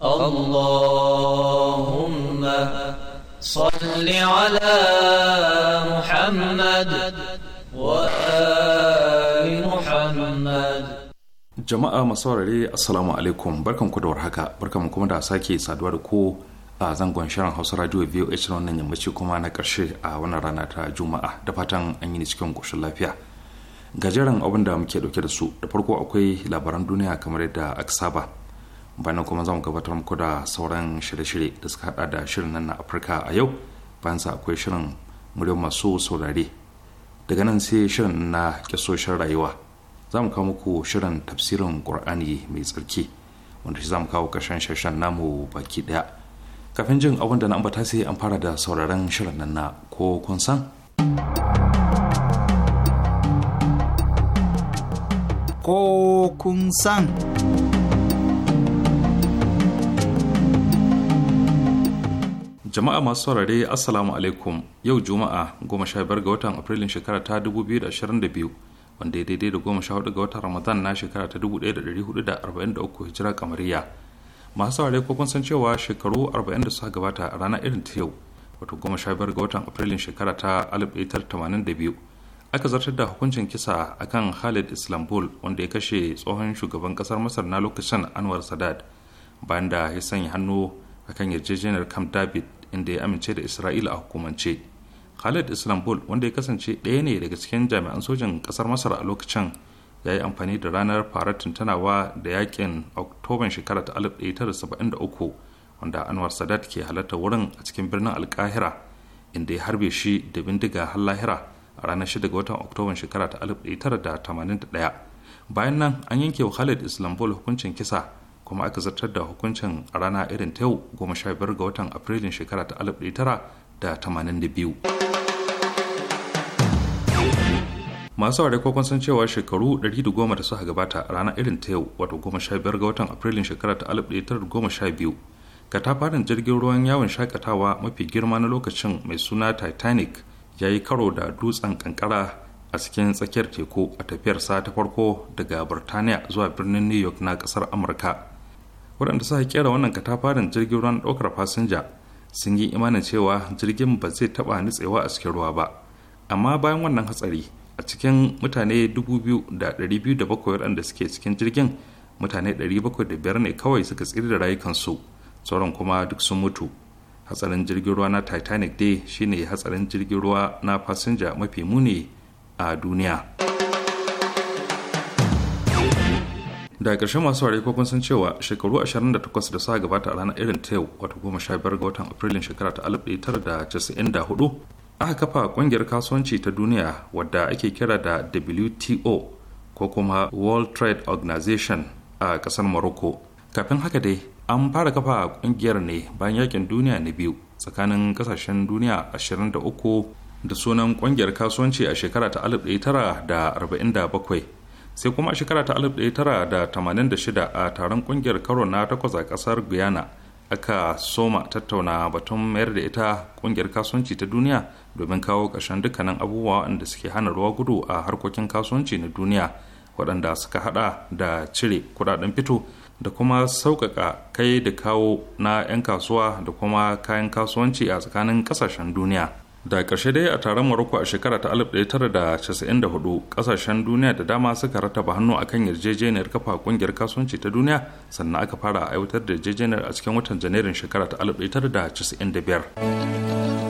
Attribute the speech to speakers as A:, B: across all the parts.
A: اللهم
B: صل
A: على
B: محمد وآل محمد
C: jama'a masu saurare assalamu alaikum barkan ku da warhaka kuma da sake saduwa da ku a zangon shirin hausa radio voh na wannan yammaci kuma na karshe a wannan rana ta juma'a da fatan an yi cikin koshin lafiya gajeren abin da muke dauke da su da farko akwai labaran duniya kamar yadda aka saba bayan kuma za mu gabatar muku da sauran shirye-shirye da suka hada da shirin nan na afirka a yau bayan sa akwai shirin muryar masu saurare daga nan sai shirin na kisoshin rayuwa za mu kawo muku shirin tafsirin qur'ani mai tsarki wanda shi za mu kawo ƙarshen shashen namu baki ɗaya kafin jin abin da na ambata sai an fara da sauraron shirin nan na ko kun san
A: ko kun san
C: jama'a masu saurare assalamu alaikum yau juma'a goma sha biyar ga watan afrilun shekara ta 2022 wanda ya daidai da goma sha hudu ga watan ramadan na shekara ta 1443 hijira kamariya masu saurare ko kun san cewa shekaru 40 da suka gabata a rana irin ta yau wato goma sha biyar ga watan afrilun shekara ta biyu aka zartar da hukuncin kisa akan khalid islambul wanda ya kashe tsohon shugaban kasar masar na lokacin anwar sadat bayan da ya sanya hannu akan yarjejeniyar camp david inda ya amince da isra'ila a hukumance khalid bull wanda ya kasance ɗaya ne daga cikin jami'an sojin ƙasar masar a lokacin ya yi amfani da ranar farar tuntunawa da yakin oktoban shekara ta 1973 wanda anwar sadat ke halarta wurin a cikin birnin alkahira inda ya harbe shi da bindiga har lahira a ranar 6 ga watan oktoban shekara ta 1981 bayan nan an yanke wa khalid bull hukuncin kisa kuma aka zartar da hukuncin a rana irin ta yau goma sha biyar ga watan afrilun shekara ta alif tara da tamanin da biyu masu ware kokon san cewa shekaru 110 da suka gabata a rana irin ta yau wato goma sha biyar ga watan afrilun shekara ta alif tara goma sha biyu katafaren jirgin ruwan yawon shakatawa mafi girma na lokacin mai suna titanic ya yi karo da dutsen kankara a cikin tsakiyar teku a tafiyarsa ta farko daga birtaniya zuwa birnin new york na kasar amurka waɗanda suka kera wannan katafaren jirgin ruwan ɗaukar fasinja sun yi imanin cewa jirgin ba zai taɓa nutsewa a cikin ruwa ba amma bayan wannan hatsari a cikin mutane 2,207 waɗanda suke cikin jirgin mutane 705 ne kawai suka tsiri da rayukansu sauran kuma duk sun mutu hatsarin jirgin ruwa na titanic dai shine hatsarin jirgin ruwa na fasinja mafi muni a duniya. da ƙarshe masu ware kun san cewa shekaru 28 da sa gabata a ranar irin ta yau wato goma sha biyar ga watan afrilun shekara ta alif da hudu aka kafa ƙungiyar kasuwanci ta duniya wadda ake kira da WTO ko kuma World Trade Organization a ƙasar Morocco kafin haka dai an fara kafa ƙungiyar ne bayan yakin duniya na biyu tsakanin ƙasashen duniya 23 da sunan ƙungiyar kasuwanci a shekara ta 1947 sai kuma a shekara ta 1986 a taron kungiyar karo na takwas a kasar guyana aka soma tattauna batun mayar da ita kungiyar kasuwanci ta duniya domin kawo ƙarshen dukkanin abubuwa waɗanda suke hana ruwa gudu a harkokin kasuwanci na duniya waɗanda suka hada da cire kudaden fito da kuma sauƙaƙa kai da kawo na 'yan kasuwa da kuma kayan kasuwanci a tsakanin ƙasashen duniya da ƙarshe dai a taron maroko a shekara ta 1994 kasashen duniya da dama suka rataba hannu akan yarjejeniyar kafa kungiyar kasuwanci ta duniya sannan aka fara aiwatar da yarjejeniyar a cikin watan janairun shekara ta 1995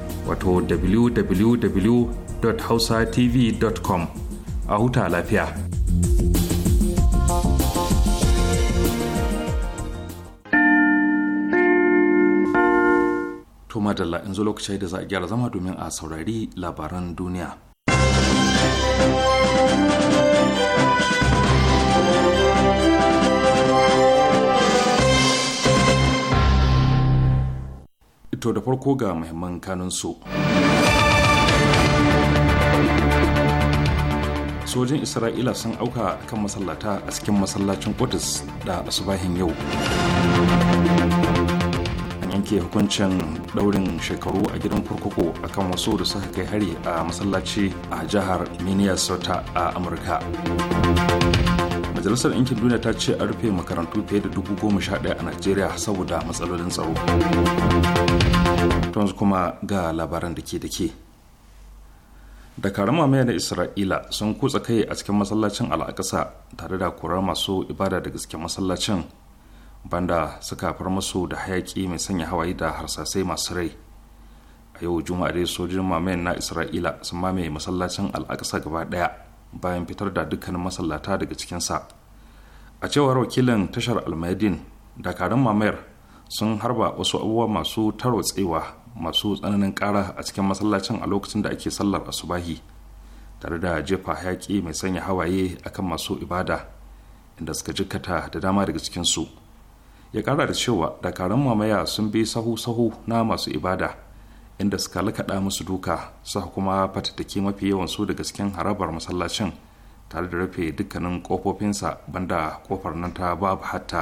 C: wato www.hausatv.com a huta lafiya. Tuma da zo lokaci da za a gyara zama domin a saurari labaran duniya. ito da farko ga muhimman kanunsu. Sojin Isra'ila sun auka kan masallata a cikin masallacin Qudus da asubahin yau. An yanke hukuncin daurin shekaru a gidan kurkuku akan wasu da suka kai hari a masallaci a jihar Minnesota a Amurka. majalisar ɗinkin duniya ta ce a rufe makarantu fiye da dubu goma sha ɗaya a najeriya saboda matsalolin tsaro yanzu kuma ga labaran da ke da ke dakarun mamaya na isra'ila sun kutsa kai a cikin masallacin al'akasa tare da korar masu ibada da cikin masallacin banda suka far masu da hayaki mai sanya hawaye da harsasai masu rai a yau juma'a dai sojin mamayan na isra'ila sun mamaye masallacin al'akasa gaba daya bayan fitar da dukkanin masallata daga cikinsa a cewar wakilin tashar almayadin dakarun mamayar sun harba wasu abubuwa masu tarwatsewa masu tsananin kara a cikin masallacin a lokacin da ake sallar asubahi tare da jefa yaƙi mai sanya hawaye akan masu ibada inda suka jikkata da dama daga cikinsu ya kara da cewa dakarun mamaya sun bi sahu-sahu na masu ibada inda suka lakaɗa musu duka suka kuma fatattake mafi yawan su daga cikin harabar masallacin tare da rufe dukkanin kofofinsa banda kofar nan ta babu hatta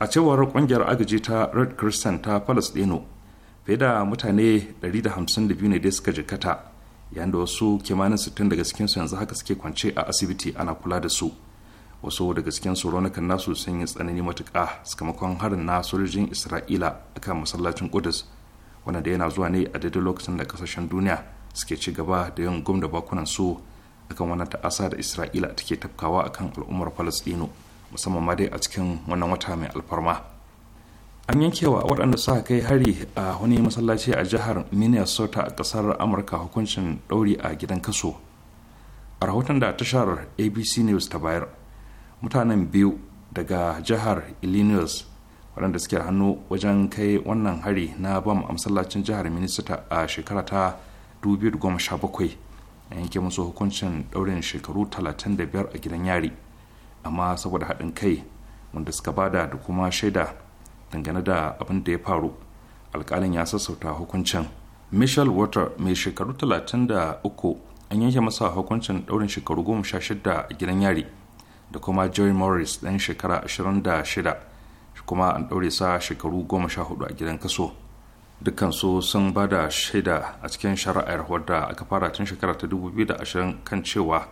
C: a cewar kungiyar agaji ta red christian ta palestino fiye da mutane 152 ne dai suka jikata yayin da wasu kimanin 60 daga su yanzu haka suke kwance a asibiti ana kula da su wasu daga cikin su raunukan nasu sun yi tsanani matuƙa sakamakon harin na sojojin isra'ila akan masallacin kudus wanda da yana zuwa ne a daidai lokacin da kasashen duniya suke ci gaba da yin gum da bakunan su akan wannan ta'asa da isra'ila take tafkawa akan al'ummar falastino musamman ma dai a cikin wannan wata mai alfarma an yankewa waɗanda suka kai hari a wani masallaci a jihar minnesota a ƙasar amurka hukuncin ɗauri a gidan kaso a rahoton da tashar abc news ta bayar mutanen biyu daga jihar illinois waɗanda suke hannu wajen kai wannan hari na bam a masallacin jihar minista a shekara ta 2017 a yanke musu hukuncin ɗaurin shekaru 35 a gidan yari amma saboda haɗin kai wanda suka bada da kuma shaida dangane da abin da ya faru alƙalin ya sassauta hukuncin michelle water mai shekaru 33 an yanke masa hukuncin ɗaurin shekaru 16 a gidan yari da kuma jerry morris ɗan shekara 26 kuma an ɗaure sa shekaru goma sha hudu a gidan kaso dukansu sun ba da shaida a cikin shari'ar wadda aka fara tun shekara ta 2020 kan cewa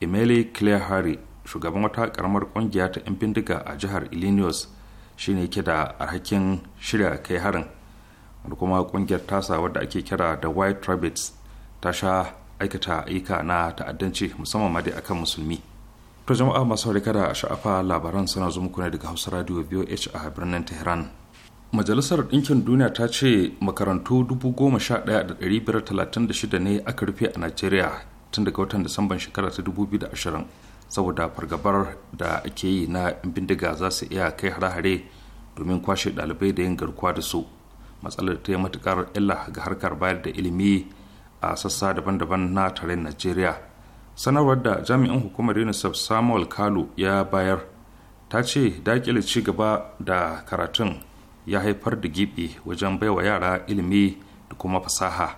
C: emily claire harry shugaban wata karamar kungiya ta 'yan bindiga a jihar illinois shine ke da alhakin shirya kai harin wanda kuma kungiyar tasa wadda ake kira da white rabbits ta sha aikata ayyuka na ta'addanci musamman ma dai akan musulmi To jama'a masu kada a sha'afa labaran suna zo muku ne daga Hausa Radio VOH a birnin Tehran. Majalisar Ɗinkin Duniya ta ce makarantu 11,536 ne aka rufe a Najeriya tun daga watan Disamban shekara ta 2020 saboda fargabar da ake yi na bindiga za su iya kai hare-hare domin kwashe ɗalibai da yin garkuwa da su. Matsalar ta yi matukar illa ga harkar bayar da ilimi a sassa daban-daban na tarayyar Najeriya. sanarwar da jami'in hukumar unicef samuel kalu ya bayar ta ce dakile ci gaba da karatun ya haifar da gibi wajen baiwa yara ilimi da kuma fasaha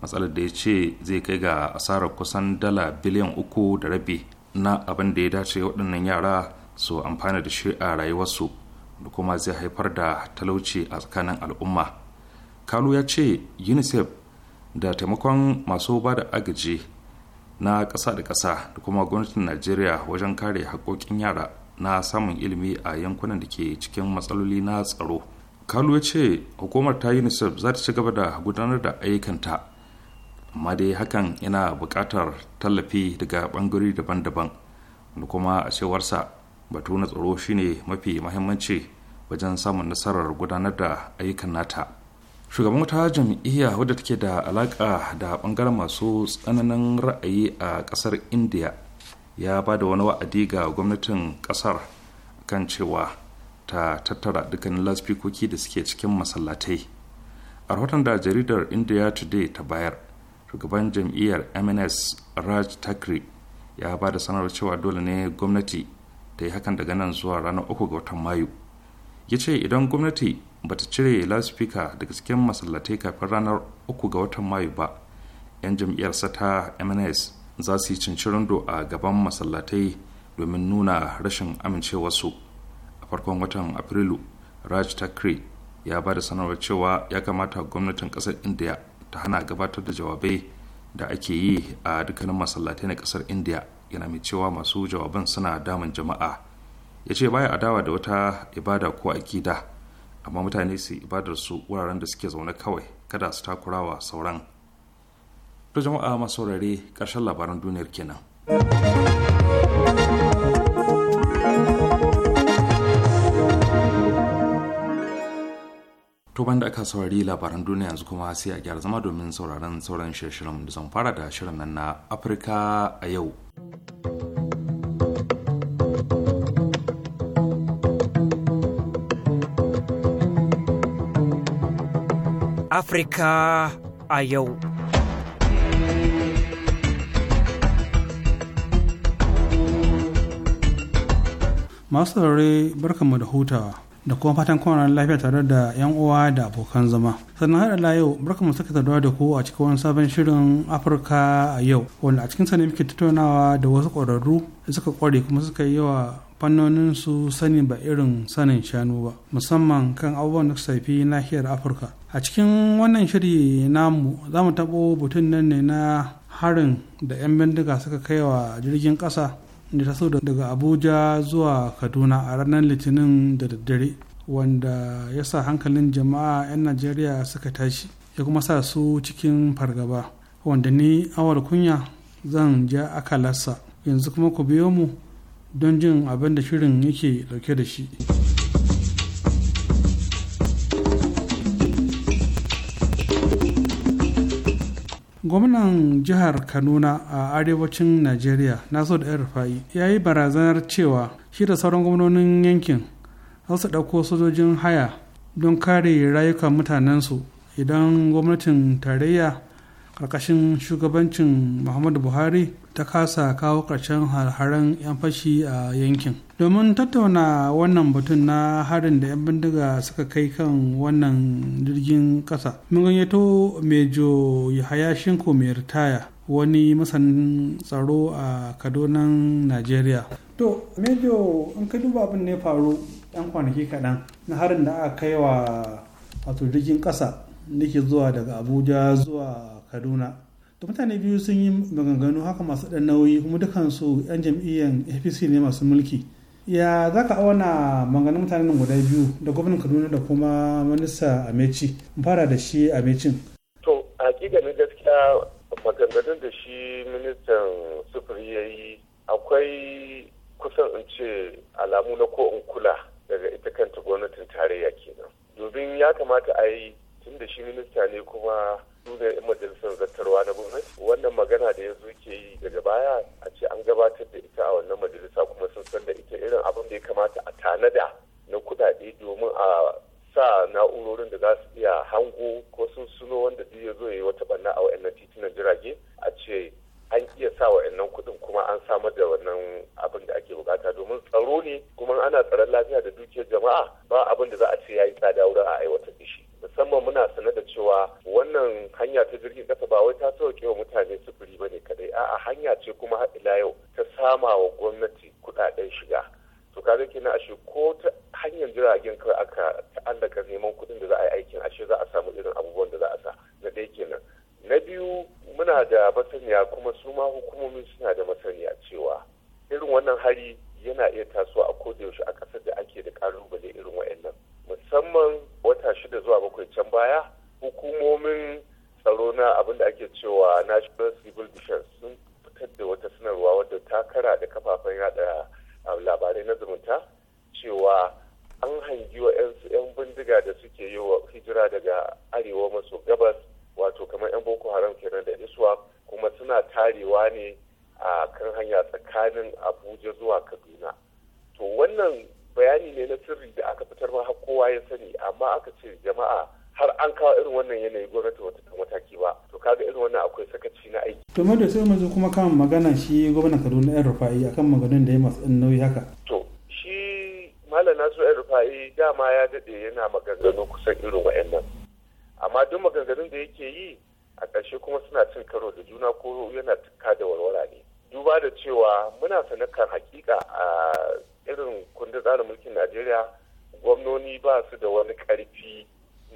C: matsalar da ya ce zai kai ga asarar kusan dala biliyan uku da rabi na abin da ya dace waɗannan yara su amfana da shi a rayuwarsu da kuma zai haifar da talauci a tsakanin al'umma kalu ya ce unicef da taimakon masu ba da agaji na ƙasa da ƙasa da kuma gwamnatin najeriya wajen kare haƙoƙin yara na samun ilimi a yankunan da ke cikin matsaloli na tsaro kalu ya ce hukumar ta unicef za ta ci gaba da gudanar da ayyukanta amma dai hakan yana buƙatar tallafi daga ɓangare daban-daban da kuma a cewarsa batu na tsaro shine mafi mahimmanci wajen samun nasarar gudanar da ayyukan nata shugaban wata jam'iyya wadda take da alaka da bangaren masu tsananin ra'ayi a kasar india ya ba da wani wa'adi ga gwamnatin kasar kan cewa ta tattara dukkanin lasfikoki da suke cikin masallatai a rahoton da jaridar india today ta bayar shugaban jam'iyyar mns raj takri ya ba da sanarwar cewa dole ne gwamnati ta yi hakan daga nan zuwa ranar uku ga watan mayu ya ce idan gwamnati bata cire lasfika daga cikin masallatai kafin ranar uku ga watan mayu ba 'yan jam'iyyarsa ta mns za su yi cincirindo a gaban masallatai domin nuna rashin amincewarsu a farkon watan afrilu raj takri ya ba da sanarwar cewa ya kamata gwamnatin kasar india ta hana gabatar da jawabai da ake yi a dukkanin masallatai na kasar india yana mai cewa masu jawaban suna damun jama'a ya ce baya adawa da wata ibada ko akida amma mutane su ibadar su wuraren da suke zaune kawai kada su takura wa sauran to jama'a masu saurare ƙarshen labaran duniyar kenan to da aka saurari labaran duniya yanzu kuma sai a gyara zama domin sauraron sauran shirin da zan fara da shirin nan na afirka a yau
B: Afirka
A: a yau. Masu saurare barkanmu da hutawa da kuma fatan kwanan lafiya tare da 'yan uwa da abokan zama. Sannan haɗa la yau barkanmu saka saduwa da ku a cikin wani sabon shirin Afirka a yau wanda a cikin ne muke tattaunawa da wasu ƙwararru da suka ƙware kuma suka yi yawa fannonin su sani ba irin sanin shanu ba musamman kan abubuwan da saifi nahiyar afirka a cikin wannan shiri namu za mu taɓo butun nan ne na harin da 'yan bindiga suka kai wa jirgin ƙasa da taso daga abuja zuwa kaduna a ranar litinin da daddare wanda ya sa hankalin jama'a 'yan najeriya suka tashi ya kuma sa su cikin fargaba wanda ni awar kunya zan ja akalarsa yanzu kuma ku biyo mu don jin abin da shirin yake dauke da shi gwamnan jihar kanuna a arewacin najeriya so da rufa'i ya yi barazanar cewa shi da sauran gwamnonin yankin za su ɗauko sojojin haya don kare rayukan mutanensu idan gwamnatin tarayya karkashin shugabancin muhammadu buhari ta kasa kawo karshen harharen 'yan fashi a yankin domin tattauna wannan batun na harin da 'yan bindiga suka kai kan wannan jirgin kasa mun gayyato mejo shinko mai ritaya wani masanin tsaro a kadonan najeriya to mejo in ka duba abin ne faru 'yan kwanaki kaɗan na harin da aka kai wa wato jirgin ƙasa da zuwa daga abuja zuwa kaduna to mutane biyu sun yi maganganu haka masu ɗan nauyi kuma dukansu 'yan jam'iyyar apc ne masu mulki ya za ka auna maganganun mutanen guda biyu da gwamnan kaduna da kuma minista amechi fara da shi amecin
D: to hakikanin gaskiya maganganun da shi ministan sufuri ya yi akwai kusan in ce alamu na ko in kula daga ita kanta gwamnatin tarayya kenan domin ya kamata a yi tun da shi minista ne kuma su ne yan majalisar zartarwa na gwamnati wannan magana da yanzu ke yi daga baya a ce an gabatar da ita a wannan majalisa kuma sun san da ita irin abin da ya kamata a tanada na kudade domin a sa na'urorin da za su iya hango ko sun suno wanda zai zo ya yi wata banna a wa'annan titunan jirage a ce an iya sa wa'annan kuɗin kuma an samar da wannan abin da ake bukata domin tsaro ne kuma ana tsaron lafiya da dukiyar jama'a ba abin da za a ce ya yi tsada wurin a aiwatar da shi musamman muna sane da cewa wannan hanya ta jirgin kasa ba wai ta sauke wa mutane sufuri ba ne kadai a'a hanya ce kuma har ila yau ta sama wa gwamnati kuɗaɗen shiga to ka zai kenan ashe ko ta hanyar jiragen kawai aka ta'allaka neman kuɗin da za a yi aikin ashe za a samu irin abubuwan da za a sa na dai kenan na biyu muna da masaniya kuma su ma hukumomi suna da masaniya cewa irin wannan hari yana iya tasowa a yaushe a ƙasar da ake da ƙalubale irin waɗannan musamman wata shida zuwa bakwai can baya
E: hukumomin
D: tsaro na abin da ake cewa national civil defense sun fitar da wata sanarwa wadda ta kara da kafafen yada labarai na zumunta cewa an hangi wa 'yan bindiga da suke yi wa hijira daga arewa maso gabas wato kamar 'yan boko haram kenan da iswa kuma suna tarewa ne a kan hanya tsakanin abuja zuwa kaduna to wannan bayani ne na sirri da aka fitar ma har kowa ya sani amma aka ce jama'a har an kawo irin wannan yanayi gwamnati wata mataki ba to kaga irin wannan akwai sakaci na aiki.
A: to da sai mu kuma kan magana shi gwamnan kaduna yan rufa'i akan maganin da ya masu ɗan nauyi haka.
D: to shi malam nasu yan rufa'i dama ya daɗe yana maganganu kusan irin wa'annan amma duk maganganun da yake yi a ƙarshe kuma suna cin karo da juna ko yana tukka da warwara ne duba da cewa muna sanakar hakika a irin kundin tsarin mulkin najeriya gwamnoni ba su da wani karfi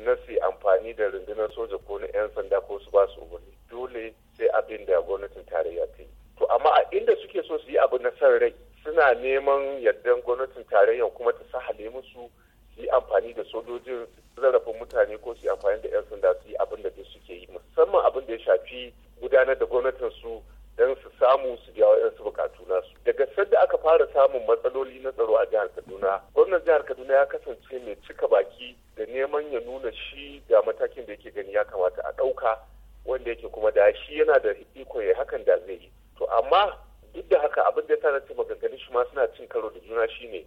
D: na su amfani da rundunar soja ko na 'yan sanda ko su ba su wani dole sai abin da gwamnatin tarayya ta yi to amma a inda suke so su yi abu na san rai suna neman yardan gwamnatin tarayya kuma ta sahale musu su yi amfani da sojojin zarafin mutane ko su yi amfani da 'yan sanda su yi abin da suke yi musamman abin da ya shafi gudanar da gwamnatin su don su samu su biya waɗansu bukatu nasu daga sadda aka fara samun matsaloli na tsaro a jihar kaduna gwamnan jihar kaduna ya kasance mai cika baki da neman ya nuna shi da matakin da yake gani ya kamata a ɗauka wanda yake kuma da shi yana da iko ya hakan da zai yi to amma duk da haka abin da ya tana ce maganganun shi ma suna cin karo da juna shine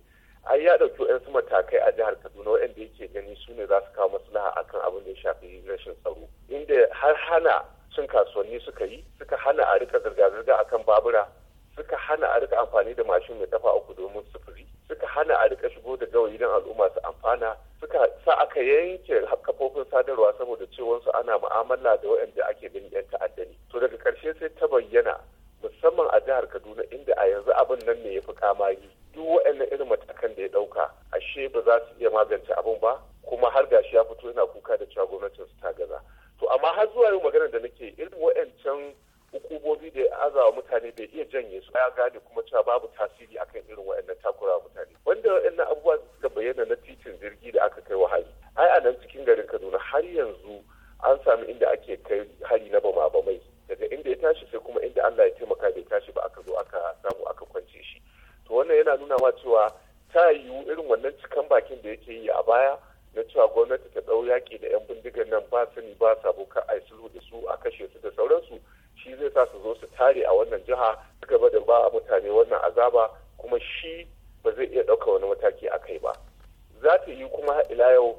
D: ai ya ɗauki wa'yansu matakai a jihar kaduna waɗanda yake gani su ne za su kawo maslaha akan abin da ya shafi rashin tsaro inda har hana cin kasuwanni suka yi suka hana a rika zirga-zirga akan babura suka hana a rika amfani da mashin mai kafa uku domin sufuri suka hana a rika shigo da gawayi don al'umma su amfana suka sa aka yanke kafofin sadarwa saboda su ana mu'amala da waɗanda ake gani 'yan ta'adda ne to daga ƙarshe sai ta bayyana musamman a jihar kaduna inda a yanzu abin nan ne ya fi kamari duk waɗannan irin matakan da ya ɗauka ashe ba za su iya magance abin ba kuma har gashi ya fito yana kuka da cewa gwamnatin su ta gaza amma har zuwa yau magana da nake irin wa'ancan hukumomi da aza wa mutane bai iya janye su ya gane kuma cewa babu tasiri akan irin wa'annan takura mutane wanda wa'annan abubuwa suka bayyana na titin jirgi da aka kai wa hari ai a nan cikin garin kaduna har yanzu an sami inda ake kai hari na bama bamai daga inda ya tashi sai kuma inda allah ya taimaka bai tashi ba aka zo aka samu aka kwance shi to wannan yana nuna wa cewa ta yiwu irin wannan cikan bakin da yake yi a baya na cewa gwamnati ta ɗau yaƙi da 'yan bindigan nan ba sani ba sabo ka a sulhu da su a kashe su da sauransu shi zai sa su zo su tare a wannan jiha gaba da ba a mutane wannan azaba kuma shi ba zai iya ɗauka wani mataki a kai ba za ta yi kuma ila yau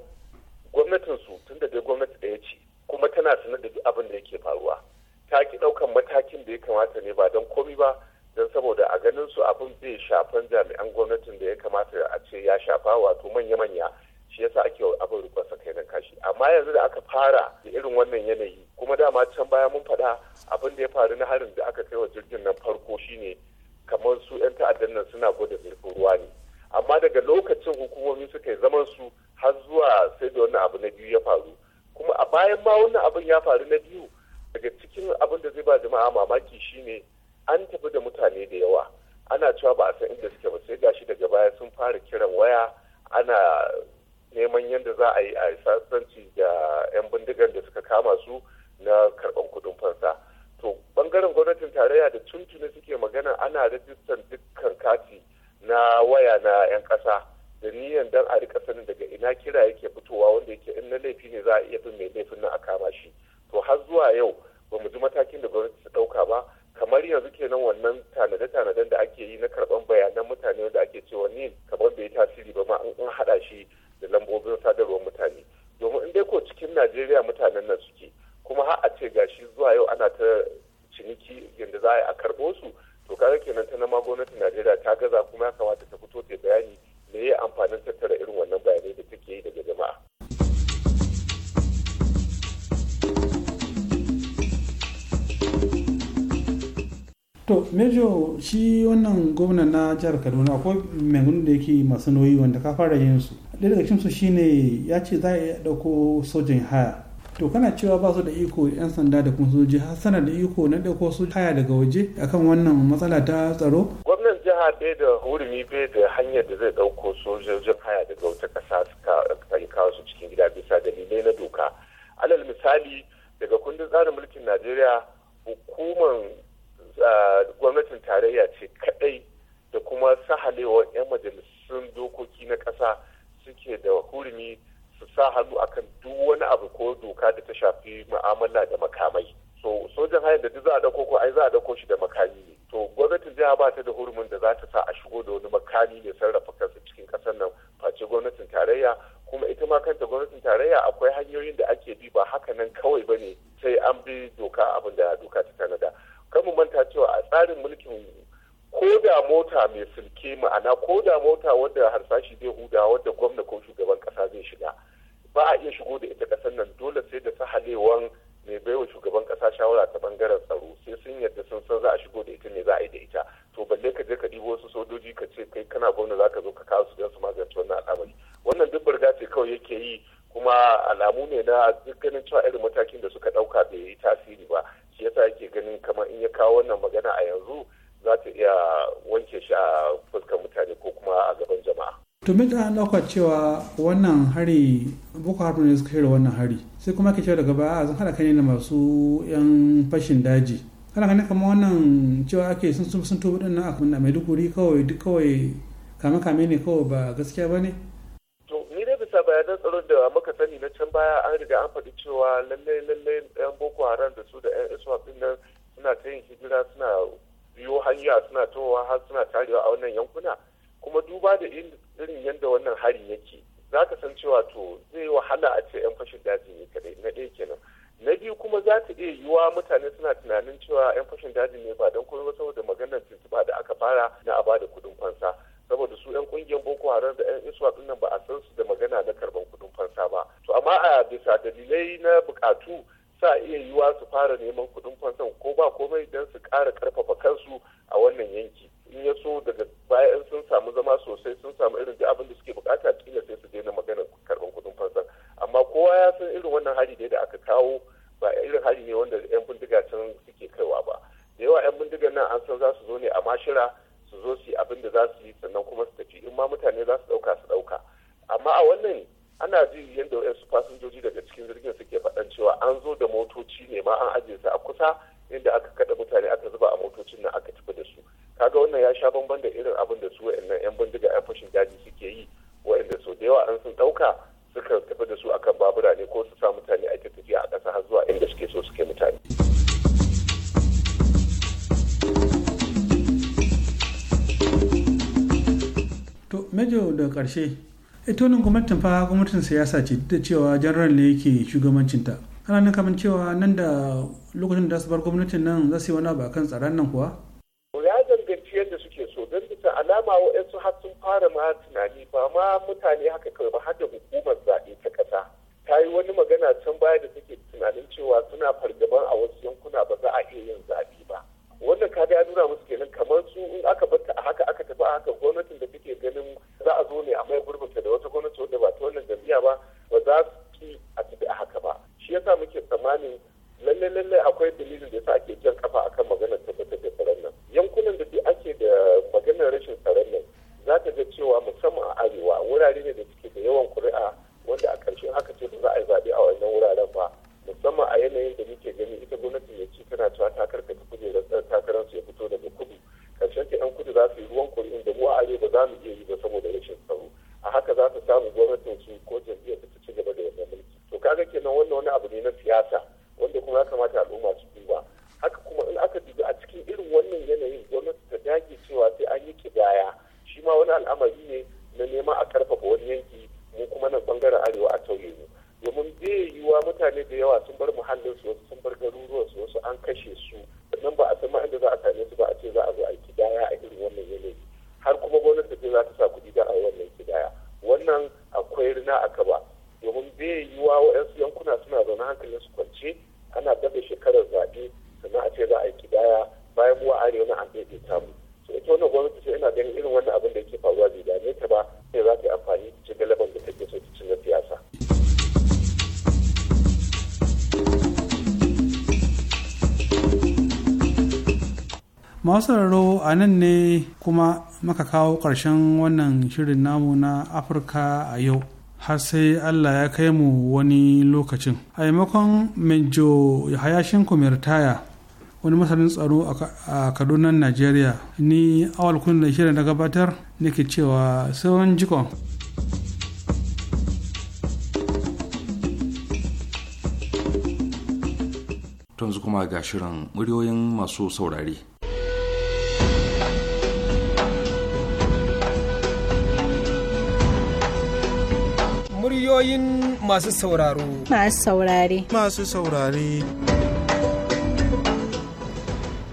D: gwamnatinsu tun da dai gwamnati ɗaya ce kuma tana sanar da duk abin da yake faruwa ta ki ɗaukan matakin da ya kamata ne ba don komi ba don saboda a ganin su abin zai shafan jami'an gwamnatin da ya kamata a ce ya shafa wato manya-manya shi yasa ake abin rukun sa kai na kashi amma yanzu da aka fara da irin wannan yanayi kuma dama can baya mun faɗa abin da ya faru na harin da aka kai wa jirgin nan farko shine kamar su 'yan ta'addan nan suna gwada zurfin ruwa ne amma daga lokacin hukumomi suka yi zaman su har zuwa sai da wannan abu na biyu ya faru kuma a bayan ma wannan abin ya faru na biyu daga cikin abin da zai ba jama'a mamaki shine an tafi da mutane da yawa ana cewa ba a san inda suke ba sai gashi daga baya sun fara kiran waya ana neman yadda za a yi a sasanci da 'yan bindigar da suka kama su na karban kudin fansa to bangaren gwamnatin tarayya da tuntuni suke magana ana rajistan dukkan kati na waya na 'yan kasa da niyan dan a rika sanin daga ina kira yake fitowa wanda yake in na laifi ne za a iya bin mai laifin nan a kama shi to har zuwa yau ba mu ji matakin da gwamnati ta dauka ba kamar yanzu kenan wannan tanade-tanaden da ake yi na karban
A: kaduna akwai maganganun da yake masu nauyi wanda ka fara yin su ɗaya daga cikinsu shine ya ce za a iya ɗauko sojin haya to kana cewa ba su da iko yan sanda da kuma soji har sana da iko na ɗauko su haya daga waje akan wannan matsala ta tsaro
D: gwamnan jiha bai da hurumi bai da hanyar da zai ɗauko sojojin haya daga wata ƙasa su kawo su cikin gida bisa dalilai na doka alal misali daga kundin tsarin mulkin najeriya hukumar ah, gwamnatin tarayya ce kadai da kuma sahalewar 'yan majalisun dokoki na ƙasa suke da hurumi su sa hannu akan duk wani abu ko doka da ta shafi mu'amala da makamai so sojan hanyar da duk za a dauko ko ai za a dauko shi da makami ne to gwamnatin jiha ba ta da hurumin da za ta sa a shigo da wani makami ne sarrafa kansa cikin kasar nan face gwamnatin tarayya kuma ita ma kanta gwamnatin tarayya akwai hanyoyin da ake bi ba haka nan kawai ba ne sai an bi doka abin da doka ta tanada kan mu manta cewa a tsarin mulkin ko da mota mai sulke ma'ana ko da mota wadda harsashi zai huda wadda gwamna ko shugaban kasa zai shiga ba a iya shigo da ita kasan nan dole sai da sahalewan mai baiwa shugaban kasa shawara ta bangaren tsaro sai sun yadda sun san za a shigo da ita ne za a yi da ita to balle ka je ka ɗibo wasu sojoji ka ce kai kana gwamna za ka zo ka kawo su don su magance wannan al'amari wannan duk burga ce kawai yake yi kuma alamu ne na duk ganin cewa irin matakin da suka ɗauka bai yi tasiri ba shi yasa yake ganin kamar in ya kawo wannan magana a yanzu wanke shi a fuskar mutane ko kuma a gaban jama'a.
A: to me an ɗauka cewa wannan hari boko haram ne suka shirya wannan hari sai kuma ke cewa daga baya sun haɗa kai da masu yan fashin daji kana ganin kamar wannan cewa ake sun sun sun tobi ɗin akwai a maiduguri kawai duk kawai kame kame ne kawai ba gaskiya ba ne.
D: to ni dai bisa bayanan tsaron da muka sani na can baya an riga an faɗi cewa lallai lallai yan boko haram da su da yan iswap ɗin nan suna ta yin hijira suna biyo hanya suna towa har suna tarewa a wannan yankuna kuma duba da irin yadda wannan hari yake za ka san cewa to zai wahala a ce 'yan fashin daji ne kadai na ɗaya kenan na biyu kuma za ta iya yiwuwa mutane suna tunanin cewa 'yan fashin daji ne ba don kuma saboda maganar tuntuɓa da aka fara na a bada kuɗin fansa saboda su 'yan ƙungiyar boko haram da 'yan iswa ɗin ba a san su da magana na karɓar kuɗin fansa ba to amma a bisa dalilai na buƙatu sa iya yiwa su fara neman kudin fansan ko ba komai don su kara karfafa kansu a wannan yanki in ya so daga bayan sun samu zama sosai sun samu irin duk abin da suke bukata kila sai su daina magana karɓar kudin fansan amma kowa ya san irin wannan hari ne da aka kawo ba irin hari ne wanda 'yan bindiga can suke kaiwa ba da yawa 'yan bindigan nan an san za su zo ne a mashira su zo su yi abin da za su yi sannan kuma su tafi in ma mutane za su ɗauka su ɗauka amma a wannan ana ji yadda wasu fasinjoji daga cikin jirgin suke faɗan cewa an zo da motoci ne ma an ajiye su a kusa inda aka kada mutane aka zuba a motocin nan aka tafi da su kaga wannan ya sha bamban da irin abin da su wa'annan yan bindiga yan fashin daji suke yi wa'anda sau da yawa an sun ɗauka suka tafi da su akan babura ne ko su sa mutane a tafiya a ƙasa har zuwa inda suke so suke mutane.
A: To, Mejo da ƙarshe ita wannan gwamnatin fa gwamnatin siyasa ce da cewa janaral ne yake shugabancinta ana nan kamar cewa nan da lokacin da su bar gwamnatin nan za su yi wani abu akan tsaron nan kuwa
D: ya zanganci yadda suke so don bisa alama wa'yansu har sun fara ma tunani ba ma mutane haka karba ba har da hukumar zaɓe ta ƙasa ta yi wani magana can baya da suke tunanin cewa suna fargaban a wasu yankuna ba za a iya yin zaɓe ba wannan kaga ya nuna musu kenan kamar su in aka bata a haka aka tafi a haka gwamnatin da take ganin za a zo ne a mai gurbata da wata gwamnati wadda ba ta wannan jam'iyya ba ba za su ci a tafi a haka ba shi yasa muke tsammanin lalle lalle akwai dalilin da yasa ake jan kafa akan maganar tabbatar da tsaron nan yankunan da ake da maganar rashin tsaron nan za ta ga cewa musamman a arewa wurare ne da suke da yawan kuri'a wanda a ƙarshen haka ce za a yi zaɓe a wannan wuraren ba musamman a yanayin da muke gani ita gwamnati mai ci tana cewa ta karkata kujerar takarar su ya fito daga kudu cancanta 'yan kudu za su yi ruwan kuri'un da mu a arewa za mu iya yi ba saboda rashin tsaro a haka za ta samu gwamnatin su ko jam'iyyar ta ci gaba da wannan mulki to kaga kenan wannan wani abu ne na siyasa wanda kuma ya kamata al'umma su duba haka kuma in aka dubi a cikin irin wannan yanayin gwamnati ta dage cewa sai an yi kidaya shi ma wani al'amari ne na neman a karfafa wani yanki mu kuma nan bangaren arewa a tauye mu domin bai yiwuwa mutane da yawa sun bar muhallin su wasu sun bar garuruwan su wasu an kashe su sannan ba a san ma'an da za a same su ba a ce za a zo a yi kidaya a irin wannan yanayi har kuma gwamnati da za ta sa kuɗi don a yi wannan kidaya wannan akwai rina a kaba domin bai wa waɗansu yankuna suna zaune hankalin su kwance ana daɗa shekarar zaɓe sannan a ce za a yi kidaya bayan mu arewa na an daidaita mu so ita wannan gwamnati sai ina ganin irin wannan abin da yake faruwa bai dame ta ba sai za ta yi amfani ta ci galaban da ta
A: masu sauraro a nan ne kuma maka kawo ƙarshen wannan shirin namu na afirka a yau har sai Allah ya kai mu wani lokacin. A maimakon Mejo Hayashin Kumirtaya wani masanin tsaro a Kaduna Najeriya ni awal kunna shirin da gabatar nake cewa sauran jikon.
C: Tunzu kuma ga shirin muryoyin masu saurari.
F: Muryoyin masu sauraro.
G: Masu saurare. Masu saurare.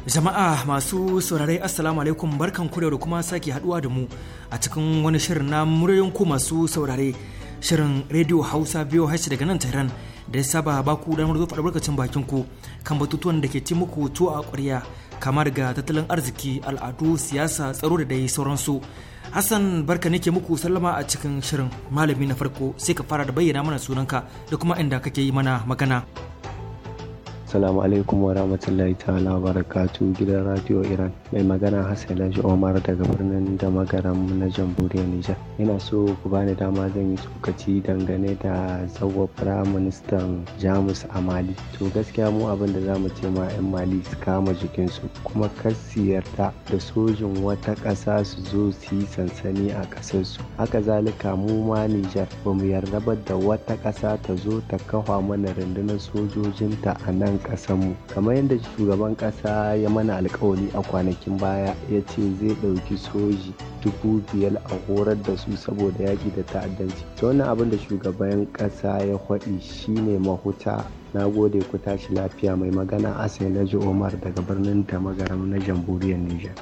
B: Jama'a masu saurare Assalamu alaikum barkan ku da kuma sake haduwa da mu a cikin wani shirin na muryoyin ku masu saurare shirin Radio Hausa biyo hashi daga nan Tehran da ya saba baku ku damar zo faɗa barkacin bakin ku kan batutuwan da ke ci tuwa a ƙwarya kamar ga tattalin arziki al'adu siyasa tsaro da dai sauransu. su Hassan barka nake muku sallama a cikin shirin malami na farko sai ka fara da bayyana mana sunanka da kuma inda kake yi mana magana.
H: Assalamu alaikum wa rahmatullahi ta'ala wa barakatu gidan Radio Iran. Mai magana Hassan Laji Omar daga birnin da magaram na jamhuriyar Nijar. Ina so ku bani dama zan yi tsokaci dangane da zawo firaministan Jamus a Mali. To gaskiya mu abin da za mu ce ma 'yan Mali su kama jikinsu kuma kar su da sojin wata ƙasa su zo su yi sansani a ƙasarsu. Haka zalika mu ma Nijar ba mu yarda ba da wata ƙasa ta zo ta kafa mana rundunar sojojinta a nan kasanmu mu kamar yadda shugaban kasa ya mana alkawari a kwanakin baya ya ce zai ɗauki soji dubu biyar a horar da su saboda yaƙi da ta'addanci ta wannan abin da shugaban kasa ya faɗi shine mahuta na gode ku tashi lafiya mai magana asali na omar daga birnin damagaram na jamhuriyar niger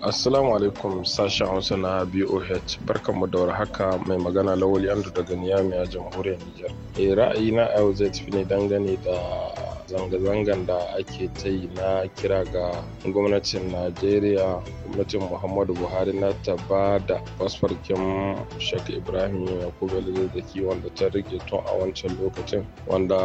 I: Assalamu alaikum sashen Hausa na BOH barkanmu da haka mai magana Lawali Andu daga Niyami a jamhuriyar niger. Eh, ra'ayi na yau zai tafi ne dangane da zanga-zangan da ake ta yi na kira ga gwamnatin najeriya gwamnatin muhammadu buhari na ta ba da fasfarkin Sheikh ibrahim yakubu elizaki wanda ta rike tun a wancan lokacin wanda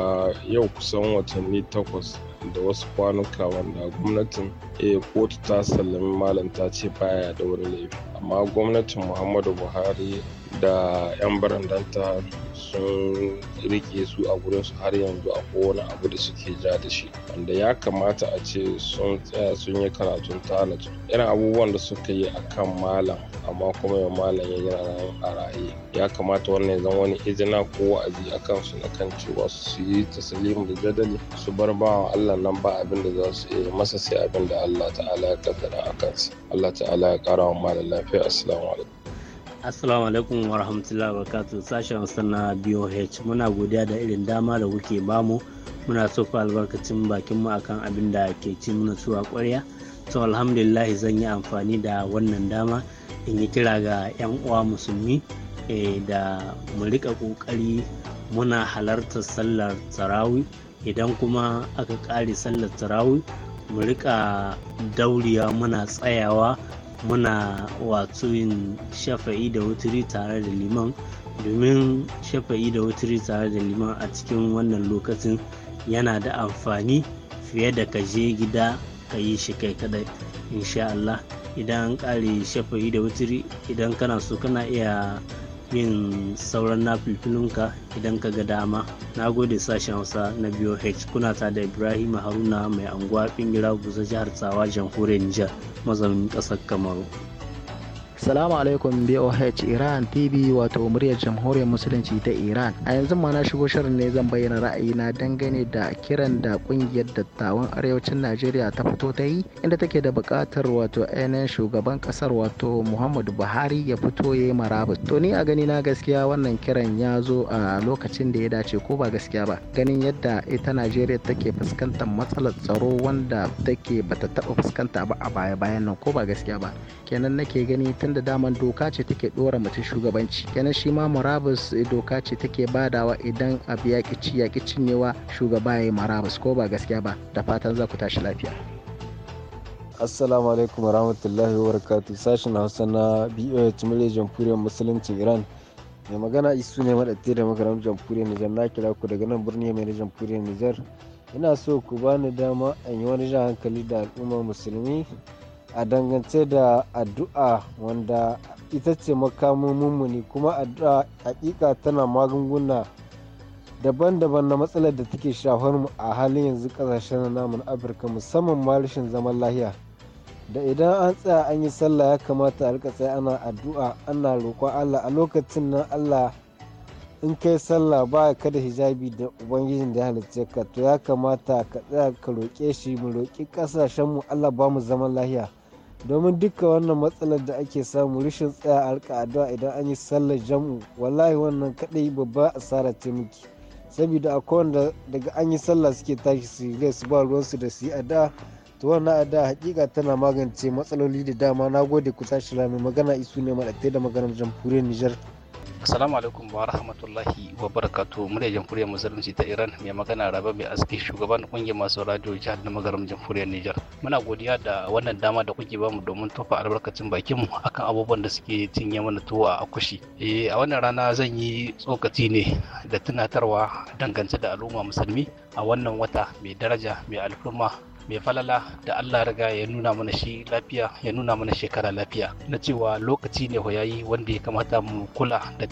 I: yau kusan watanni takwas da wasu kwanuka wanda gwamnatin a eh, kotu ta sallami malam ta ce baya da wani laifi amma gwamnatin muhammadu buhari da 'yan barandanta sun rike su a gurinsu har yanzu a kowane abu da suke ja da shi wanda ya kamata a ce sun tsaya sun yi karatun tanatu irin abubuwan da suka yi a kan malam amma kuma yau malam ya yi a raye ya kamata wannan ya zama wani izina ko wa'azi a kansu na kan cewa su yi tasalimu da jadali su bar bawa allah nan ba abin da za su iya masa sai abin da allah ta'ala ya kaddara a kansa allah ta'ala ya kara wa malam lafiya assalamu alaikum
H: Assalamu alaikum wa rahmatullahi wa barakatu sashen sana BOH muna godiya da irin dama da kuke bamu muna sofa albarkacin bakin mu akan abin da ke ci muna a kwarya to alhamdulillah zan yi amfani da wannan dama in yi kira ga 'yan uwa musulmi eh, da mu rika kokari muna halartar sallar tarawi idan kuma aka kare sallar tarawi mu rika dauriya muna tsayawa muna wato yin shafa'i da wuturi tare da liman domin shafa'i da wuturi tare da liman a cikin wannan lokacin yana da amfani fiye da ka je gida ka yi shi kai kadai insha'Allah Allah idan an kare shafa'i da wuturi idan kana so kana iya yin sauran na nafilfilinka idan ka ga dama na gode sashen hausa na boh kuna ta da ibrahim haruna mai anguwa fingira buza jihar tsawa jamhuriyar niger mazaunin ƙasar kamaru
F: Salamu alaikum BOH Iran TV wato muryar jamhuriyar musulunci ta Iran. A yanzu ma na shigo shirin ne zan bayyana na dangane da kiran da kungiyar dattawan arewacin Najeriya ta fito ta yi inda take da buƙatar wato ainihin shugaban ƙasar wato Muhammadu Buhari ya fito ya yi marabus. To ni a gani na gaskiya wannan kiran ya zo a lokacin da ya dace ko ba gaskiya ba. Ganin yadda ita Najeriya take fuskantar matsalar tsaro wanda take bata taɓa fuskanta ba a baya-bayan nan ko ba gaskiya ba. Kenan nake gani tun da daman doka ce take dora mutum shugabanci kenan shi ma murabus eh, doka ce take badawa idan abu ya ci ya cinyewa shugaba ya yi murabus ko ba gaskiya ba da fatan za ku tashi lafiya assalamu alaikum wa barakatu sashen hausa na ya cimile jamhuriyar musulunci iran mai magana isu ne madatte da makarar jamhuriyar nijar na kira ku daga nan birni mai jamhuriyar nijar ina so ku bani dama in yi wani jan hankali da al'ummar musulmi a dangance da addu'a wanda ita ce makamin mummuni kuma addu'a hakika tana magunguna daban-daban na matsalar da take shafar mu a halin yanzu kasashen namun afirka musamman ma rashin zaman lahiya da idan an tsaya an yi sallah ya kamata a rika tsaye ana addu'a ana roƙon allah a lokacin nan allah in kai sallah ba ka da hijabi da ubangijin da ya halitta ka to ya kamata ka tsaya ka roƙe shi mu roƙi kasashen mu allah ba mu zaman lahiya domin duka wannan matsalar da ake samu rashin tsaya harka addu'a idan an yi sallar jam'u wallahi wannan kadai babba asara ce miki saboda akwai wanda daga an yi sallah suke tashi su yi su ba ruwansu da su yi addu'a to wannan addu'a hakika tana magance matsaloli da dama na gode ku tashi mai magana isu ne maɗatai da maganar jamhuriyar nijar.
J: Assalamu alaikum wa rahmatullahi wa barakatuh murya jamhuriyar musulunci ta Iran mai magana Rabe mai aski shugaban kungiyar masu radio jihar na magaram jamhuriyar Nijar. Muna godiya da wannan dama da kuke bamu domin tofa albarkacin bakinmu akan abubuwan da suke cinye mana tuwo a akushi. Eh a wannan rana zan yi tsokaci ne da tunatarwa dangance da al'umma musulmi a wannan wata mai daraja mai alfurma mai falala da Allah riga ya nuna mana shi lafiya ya nuna mana shekara lafiya na cewa lokaci ne yayi wanda ya kamata mu kula da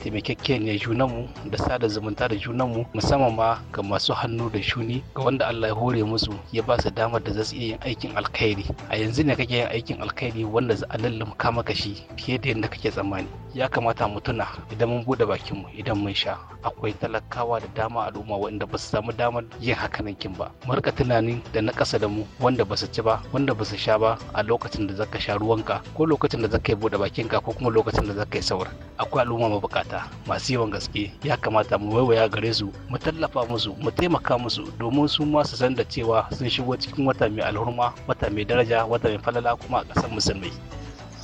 J: junan mu da sada zumunta da Mu musamman ma ga masu hannu da shuni ga wanda Allah ya hore musu ya ba su damar da za su iya yin aikin alkhairi a yanzu ne kake yin aikin alkhairi wanda za a lallumka maka shi fiye da yadda kake tsammani ya kamata mu tuna idan mun bude bakinmu idan mun sha akwai talakawa da dama al'umma wanda ba su samu damar yin hakanan kin ba mu rika tunanin da na ƙasa da mu wanda ba su ci ba wanda ba su sha ba a lokacin da zaka sha ruwanka ko lokacin da zaka yi bude bakinka ko kuma lokacin da zaka yi saura akwai al'umma ma mabukata masu yawan gaske ya kamata mu waiwaya gare su mu tallafa musu mu taimaka musu domin su ma su san da cewa sun shigo cikin wata mai alhurma wata mai daraja wata mai falala kuma a ƙasar musulmai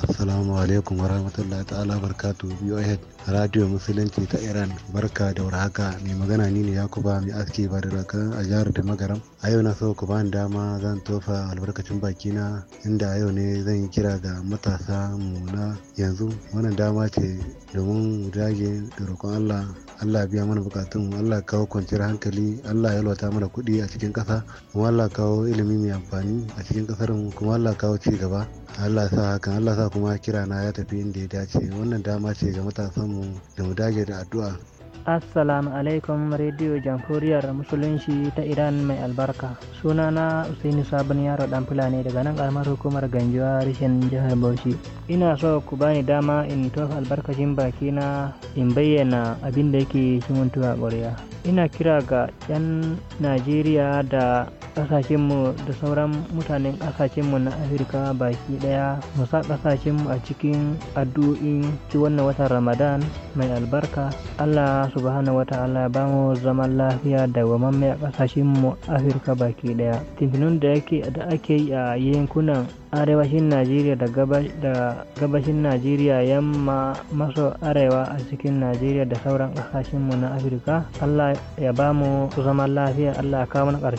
F: assalamu alaikum wa rahmatullahi ta'ala barkatu BOH radio musulunci ta Iran barka da warhaka mai magana ni ne Yakuba mai aski ba da raka a jihar da magaram a yau na so ku bani dama zan tofa albarkacin baki bakina inda yau ne zan yi kira ga matasa mu na yanzu wannan dama ce domin mu dage da roƙon Allah Allah biya mana bukatun Allah kawo kwanciyar hankali Allah ya lota mana kuɗi a cikin ƙasa kuma Allah kawo ilimi mai amfani a cikin ƙasar mu kuma Allah kawo ci gaba Allah sa hakan Allah sa kuma kira na ya tafi inda ya dace wannan dama ce ga matasan mu da mu dage da addu'a
K: Assalamu alaikum Radio Jamhuriyar Musulunci ta Iran mai albarka. Sunana Usaini Sabon Yaro ɗan Fulani daga nan karamar hukumar Ganjuwa rashin jihar Bauchi. Ina so ku bani dama in tofa albarkacin baki na in bayyana abin da yake cimin a ƙwarya. Ina kira ga 'yan Najeriya da ƙasashenmu da sauran mutanen ƙasashenmu na afirka baki ɗaya mu sa ƙasashenmu a cikin addu'in ci wannan watan ramadan mai albarka allah subhanahu wata'ala ba mu zaman lafiya da gwamamme a ƙasashenmu afirka baki ɗaya tuntunin da ake yi a yankunan arewacin najeriya da gabashin najeriya yamma maso arewa a cikin najeriya da sauran kasashenmu na afirka allah ya ba mu zaman lafiya allah ya kawo mana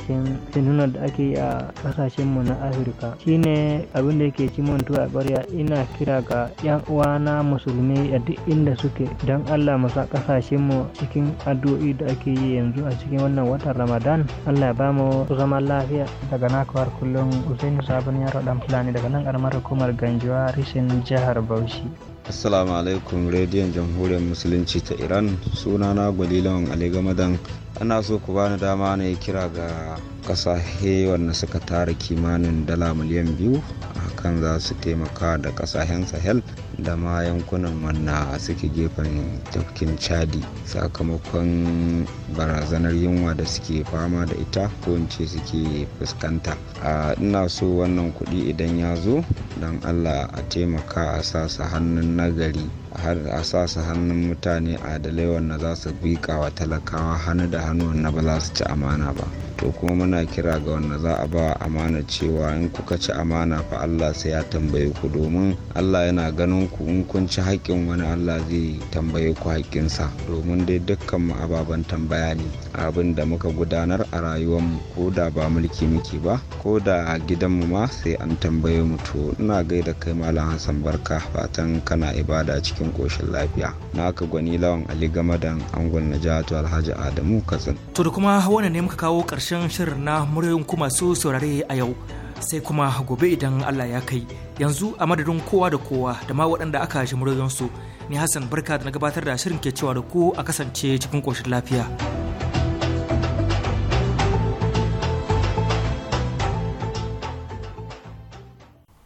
K: sinunan da ake a kasashenmu na afirka shine abin da yake cimon a ƙwarya ina kira ga yan uwana musulmi a duk inda suke don allah mu sa kasashenmu cikin addu'o'i da ake yi yanzu a cikin wannan watan ramadan allah ya ba mu zaman lafiya daga nakawar kullum usaini sabon yaro dan fulani ne daga nan karamar hukumar ganjuwa rishin jihar bauchi
L: assalamu alaikum rediyon jamhuriyar musulunci ta iran sunana gwalilawan ali gamadan ana so ku bani dama na yi kira ga kasashe wanda suka tara kimanin dala miliyan biyu a kan za su taimaka da kasashen sahel da ma yankunan wanda suke gefen tafkin chadi sakamakon barazanar yunwa da suke fama da ita ko in ce suke fuskanta a ina so wannan kuɗi idan ya zo don allah a taimaka a sa su hannun nagari har a sa su hannun mutane adalai wanda za su biƙa wa talakawa hannu da hannu wanda ba za su ci amana ba to kuma muna kira ga wanda za a ba amana cewa in kuka ci amana fa Allah sai ya tambaye ku domin Allah yana ganin ku in kun ci haƙƙin wani Allah zai tambaye ku haƙƙinsa domin dai dukkan mu ababen tambaya ne abin da muka gudanar a rayuwar mu ko da ba mulki muke ba ko da gidanmu ma sai an tambaye mu to ina gaida kai malam Hassan barka fatan kana ibada cikin koshin lafiya naka gwani lawan Ali Gamadan angon Najatu Alhaji Adamu Katsina
B: to da kuma wannan ne muka kawo ƙarshen ƙarshen shirin na muryoyin ku masu saurare a yau sai kuma gobe idan Allah ya kai yanzu a madadin kowa da kowa da ma waɗanda aka ji muryoyinsu ni Hassan barka da na gabatar da shirin ke cewa da ku a kasance cikin ƙoshin lafiya.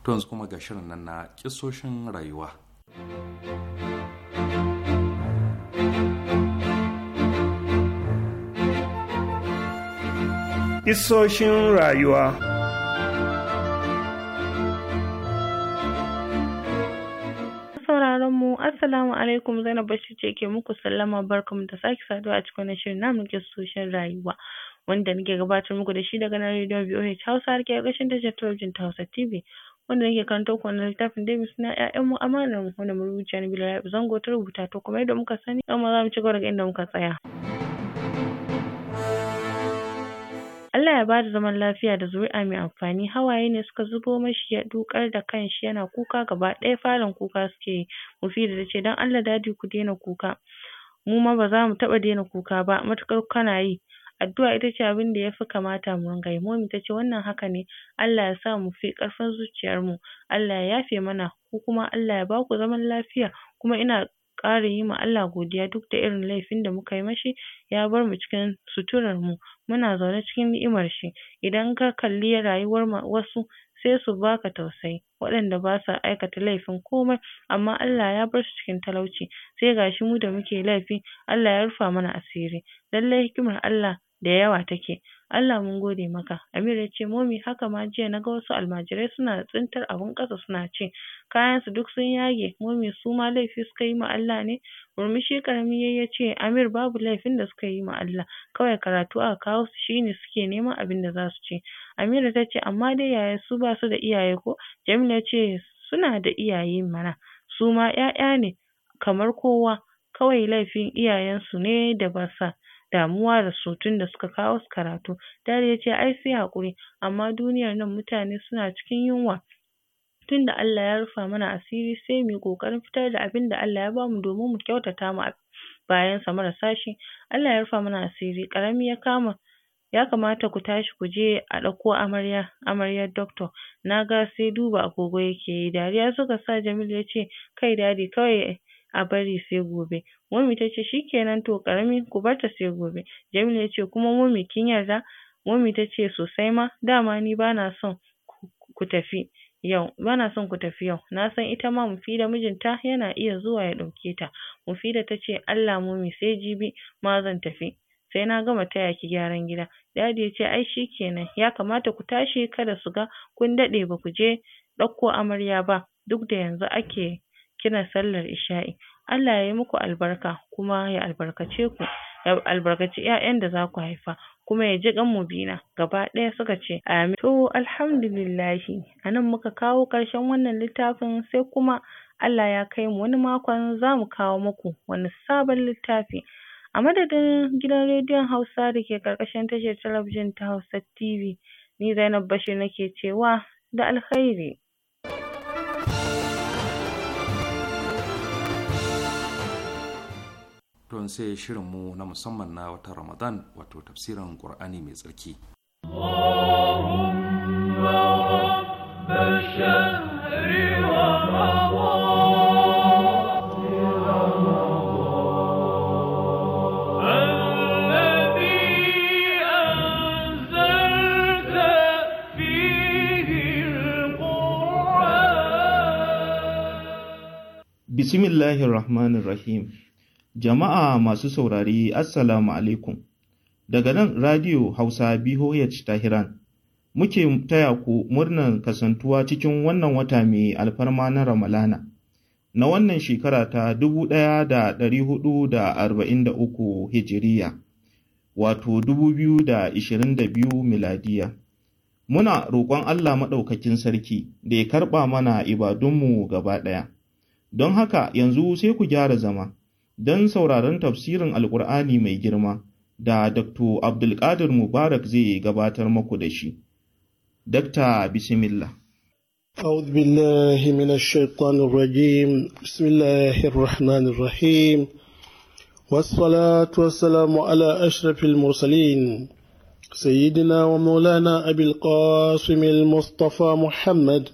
C: To yanzu kuma ga shirin nan na kisoshin rayuwa.
G: Isoshin rayuwa
E: mu Assalamu alaikum Zainab Bashir ce ke muku sallama barkamu da sake saduwa a cikin shirin namu ke soshin rayuwa wanda nake gabatar muku da shi daga na rediyon VOH Hausa da ke ƙarshen tashar talabijin ta Hausa TV wanda nake karanto ku wannan littafin dai suna ƴaƴan mu amanar mu wanda mu rubuta ni Bilal Zango ta rubuta to kuma yadda muka sani ma za mu ci gaba daga inda muka tsaya. Allah ya bada zaman lafiya da zuri'a mai amfani. Hawaye ne suka zubo mashi ya dukar da kanshi yana kuka gaba ɗaya falon kuka suke yi. Mufida ta ce don Allah dadi ku daina kuka. Mu ma ba za mu taɓa daina kuka ba matuƙar kana yi. Addu'a ita ce abin da ya fi kamata mu ringa yi. Momi ta ce wannan haka ne, Allah ya sa mu fi ƙarfin zuciyarmu, Allah ya yafe mana, ku kuma Allah ya baku zaman lafiya, kuma ina ƙara yi ma Allah godiya duk da irin laifin da muka yi mashi ya bar mu cikin suturar mu muna zaune cikin ni'imar shi idan ka kalli rayuwar wasu sai su baka tausayi waɗanda basa aikata laifin komai amma Allah ya bar su cikin talauci sai gashi mu da muke laifi Allah ya rufa mana asiri lallai hikimar Allah da yawa take Allah mun gode maka. Amir ya ce momi haka ma jiya na ga wasu almajirai suna tsintar abun ƙasa suna ci. Kayansu duk sun yage. Momi su ma laifi suka yi ma Allah ne? Murmushi ƙarami yayi ya ce Amir babu laifin da suka yi ma Allah. Kawai karatu aka kawo su shine suke neman abin da za su ci. Amira ta ce amma dai yaya su basu da iyaye ko? Jamila ya ce suna da iyaye mana. Su ma ‘ya'ya ne kamar kowa. Kawai laifin iyayensu ne da basa. damuwa da su da suka kawo su karatu. Dadi yace ai sai haƙuri amma duniyar nan mutane suna cikin yunwa tunda Allah ya rufa mana asiri sai muyi yi ƙoƙarin fitar da abinda Allah ya bamu domin mu kyautata ma bayansa marasa shi. Allah ya rufa mana asiri ƙarami ya kama ya kamata ku tashi ku je a ɗauko amarya amaryar doctor na ga sai duba agogo yake yi dariya suka sa Jamilu ya ce kai dadi kawai a bari sai gobe Momi tace shikenan to ƙarami ku barta sai gobe Jamilu yace kuma mummy kin yarda ta tace sosai ma dama ni bana son ku tafi yau bana son ku tafi yau na san ita ma Mufida mijinta yana iya zuwa ya ɗauke ta Mufida tace Allah mummy sai jibi ma zan tafi sai na gama taya ki gyaran gida ya yace ai shikenan ya kamata ku tashi kada su ga kun daɗe baku je ɗauko amarya ba duk da yanzu ake kina sallar isha'i Allah yayi muku albarka kuma ya albarkace ku ya albarkaci ƴaƴan da zaku haifa kuma ya ji ƙanmu Mubina gaba ɗaya suka ce amin to alhamdulillahi a nan muka kawo ƙarshen wannan littafin sai kuma Allah ya kai mu wani makon zamu kawo muku wani sabon littafi a madadin gidan rediyon Hausa da ke ƙarƙashin tashar talabijin ta Hausa TV ni Zainab Bashir nake cewa da alkhairi.
C: tunse sai shirinmu na musamman na watan ramadan wato tafsirin qur'ani mai tsarki
G: Bismillahirrahmanirrahim. Jama'a masu saurari Assalamu alaikum. Daga nan Radio Hausa BOH Tahiran, muke taya ku murnar kasantuwa cikin wannan wata mai alfarma na Ramalana, na wannan shekara ta 1443 Hijiriya, wato 2022 Miladiya. Muna roƙon Allah Maɗaukakin Sarki da ya karɓa mana ibadunmu gaba ɗaya. Don haka yanzu sai ku gyara zama. don sauraron tafsirin Alƙur'ani mai girma da Dr. Abdulkadir Mubarak zai gabatar maku da shi. dr Bismillah.
M: أعوذ بالله من الشيطان الرجيم بسم الله الرحمن الرحيم والصلاة والسلام على أشرف المرسلين سيدنا ومولانا أبي القاسم المصطفى محمد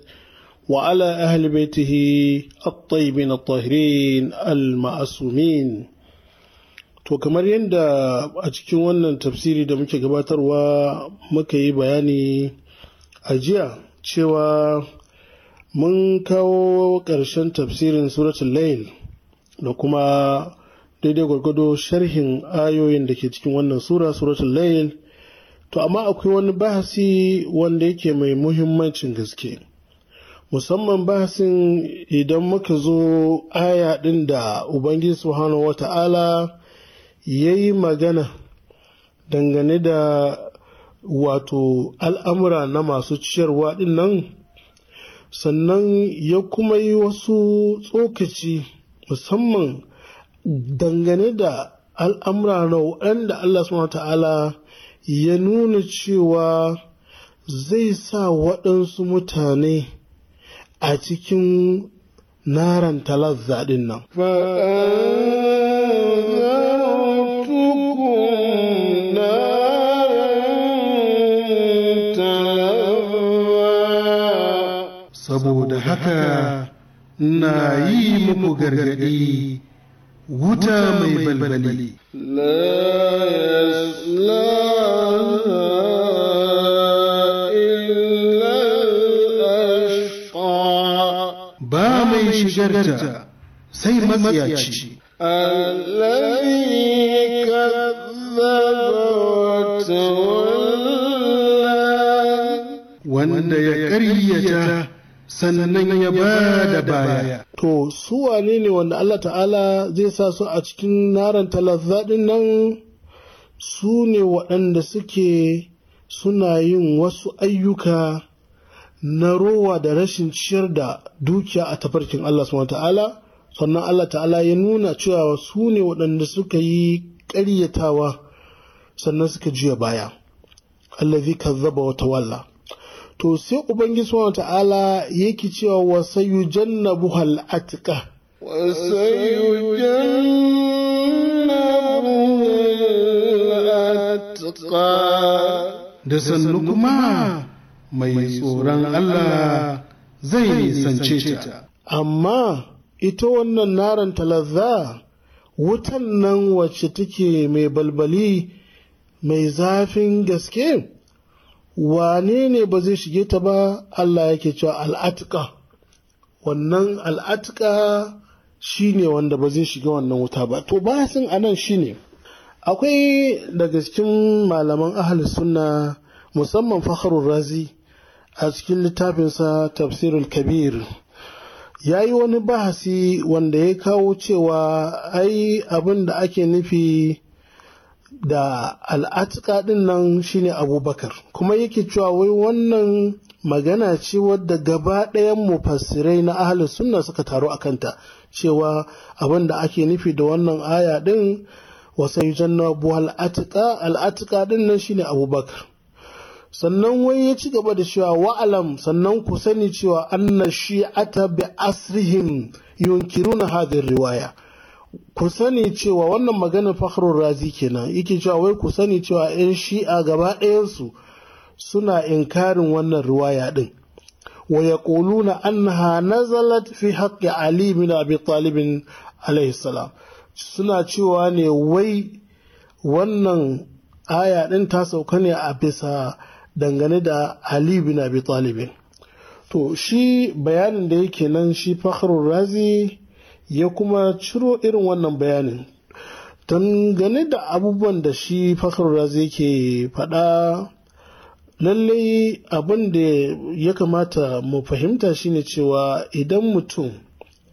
M: وعلى أهل بيته الطيبين الطاهرين المعصومين To kamar yadda a cikin wannan tafsiri da muke gabatarwa muka yi bayani a jiya cewa mun kawo ƙarshen tafsirin suratul layl da kuma daidai gwargwado sharhin ayoyin da ke cikin wannan sura suratul layl to amma akwai wani bahasi wanda yake mai muhimmancin gaske. musamman bahasin idan muka zo aya ɗin da Ubangiji Subhanahu wa ta'ala ya yi magana dangane da wato al'amura na masu ciyarwa ɗin nan sannan ya kuma yi wasu tsokaci musamman dangane da al'amura na waɗanda Allah subhanahu ta'ala ya nuna cewa zai sa waɗansu mutane a cikin naran talar zaɗin nan. Saboda haka na yi muku gargaɗi wuta mai balbali. La Wanda ya ƙaryata sannan ya ba da baya. To, su wane ne wanda Allah ta'ala zai sa su a cikin naran talazzaɗin nan su ne waɗanda suke suna yin wasu ayyuka na rowa da rashin ciyar da dukiya a tafarkin Allah subhanahu ta'ala sannan Allah ta'ala ya nuna cewa su ne waɗanda suka yi ƙaryatawa sannan suka juya baya Allah ka kazzaba wa tawalla to sai ubangiji subhanahu ta'ala yake cewa wa sayujannabu hal atqa wa sayujannabu al atqa da sannu kuma mai tsoron Allah zai nisance ta. Amma ita wannan naran talazza wutan nan wacce take mai balbali mai zafin gaske wane ne ba zai shige ta ba Allah yake cewa al'atka wannan al'atka shi ne wanda ba zai shiga wannan wuta ba to basin a nan shi ne akwai daga cikin malaman ahal sunna musamman fakharun razi a cikin littafinsa tafsirul kabir ya yi wani bahasi wanda ya kawo cewa ai abin da ake nufi da al'atika ɗin nan shine abubakar kuma yake cewa wai wannan magana ce wadda gaba ɗayan mufassirai na ahalin sunna suka taro a kanta cewa abin da ake nufi da wannan aya ɗin wasan janna buhal atika al'atika ɗin nan shine abubakar sannan wai ya ci gaba da cewa wa'alam sannan ku sani cewa anna shi'ata bi asrihim yunkiruna hadhihi riwaya ku sani cewa wannan magana fakhrul razi kenan yake cewa wai ku sani cewa yan shi'a gaba ɗayansu suna inkarin wannan riwaya din wa yaquluna annaha nazalat fi haqqi ali bin abi talib alaihi salam suna cewa ne wai wannan aya ɗin ta sauka ne a bisa dangane da Ali bin Abi Talibin. To shi bayanin da yake nan shi Fakhrul Razi ya kuma ciro irin wannan bayanin. Dangane da abubuwan da shi Fakhrul Razi yake faɗa lallai abin da ya kamata mu fahimta shine cewa idan mutum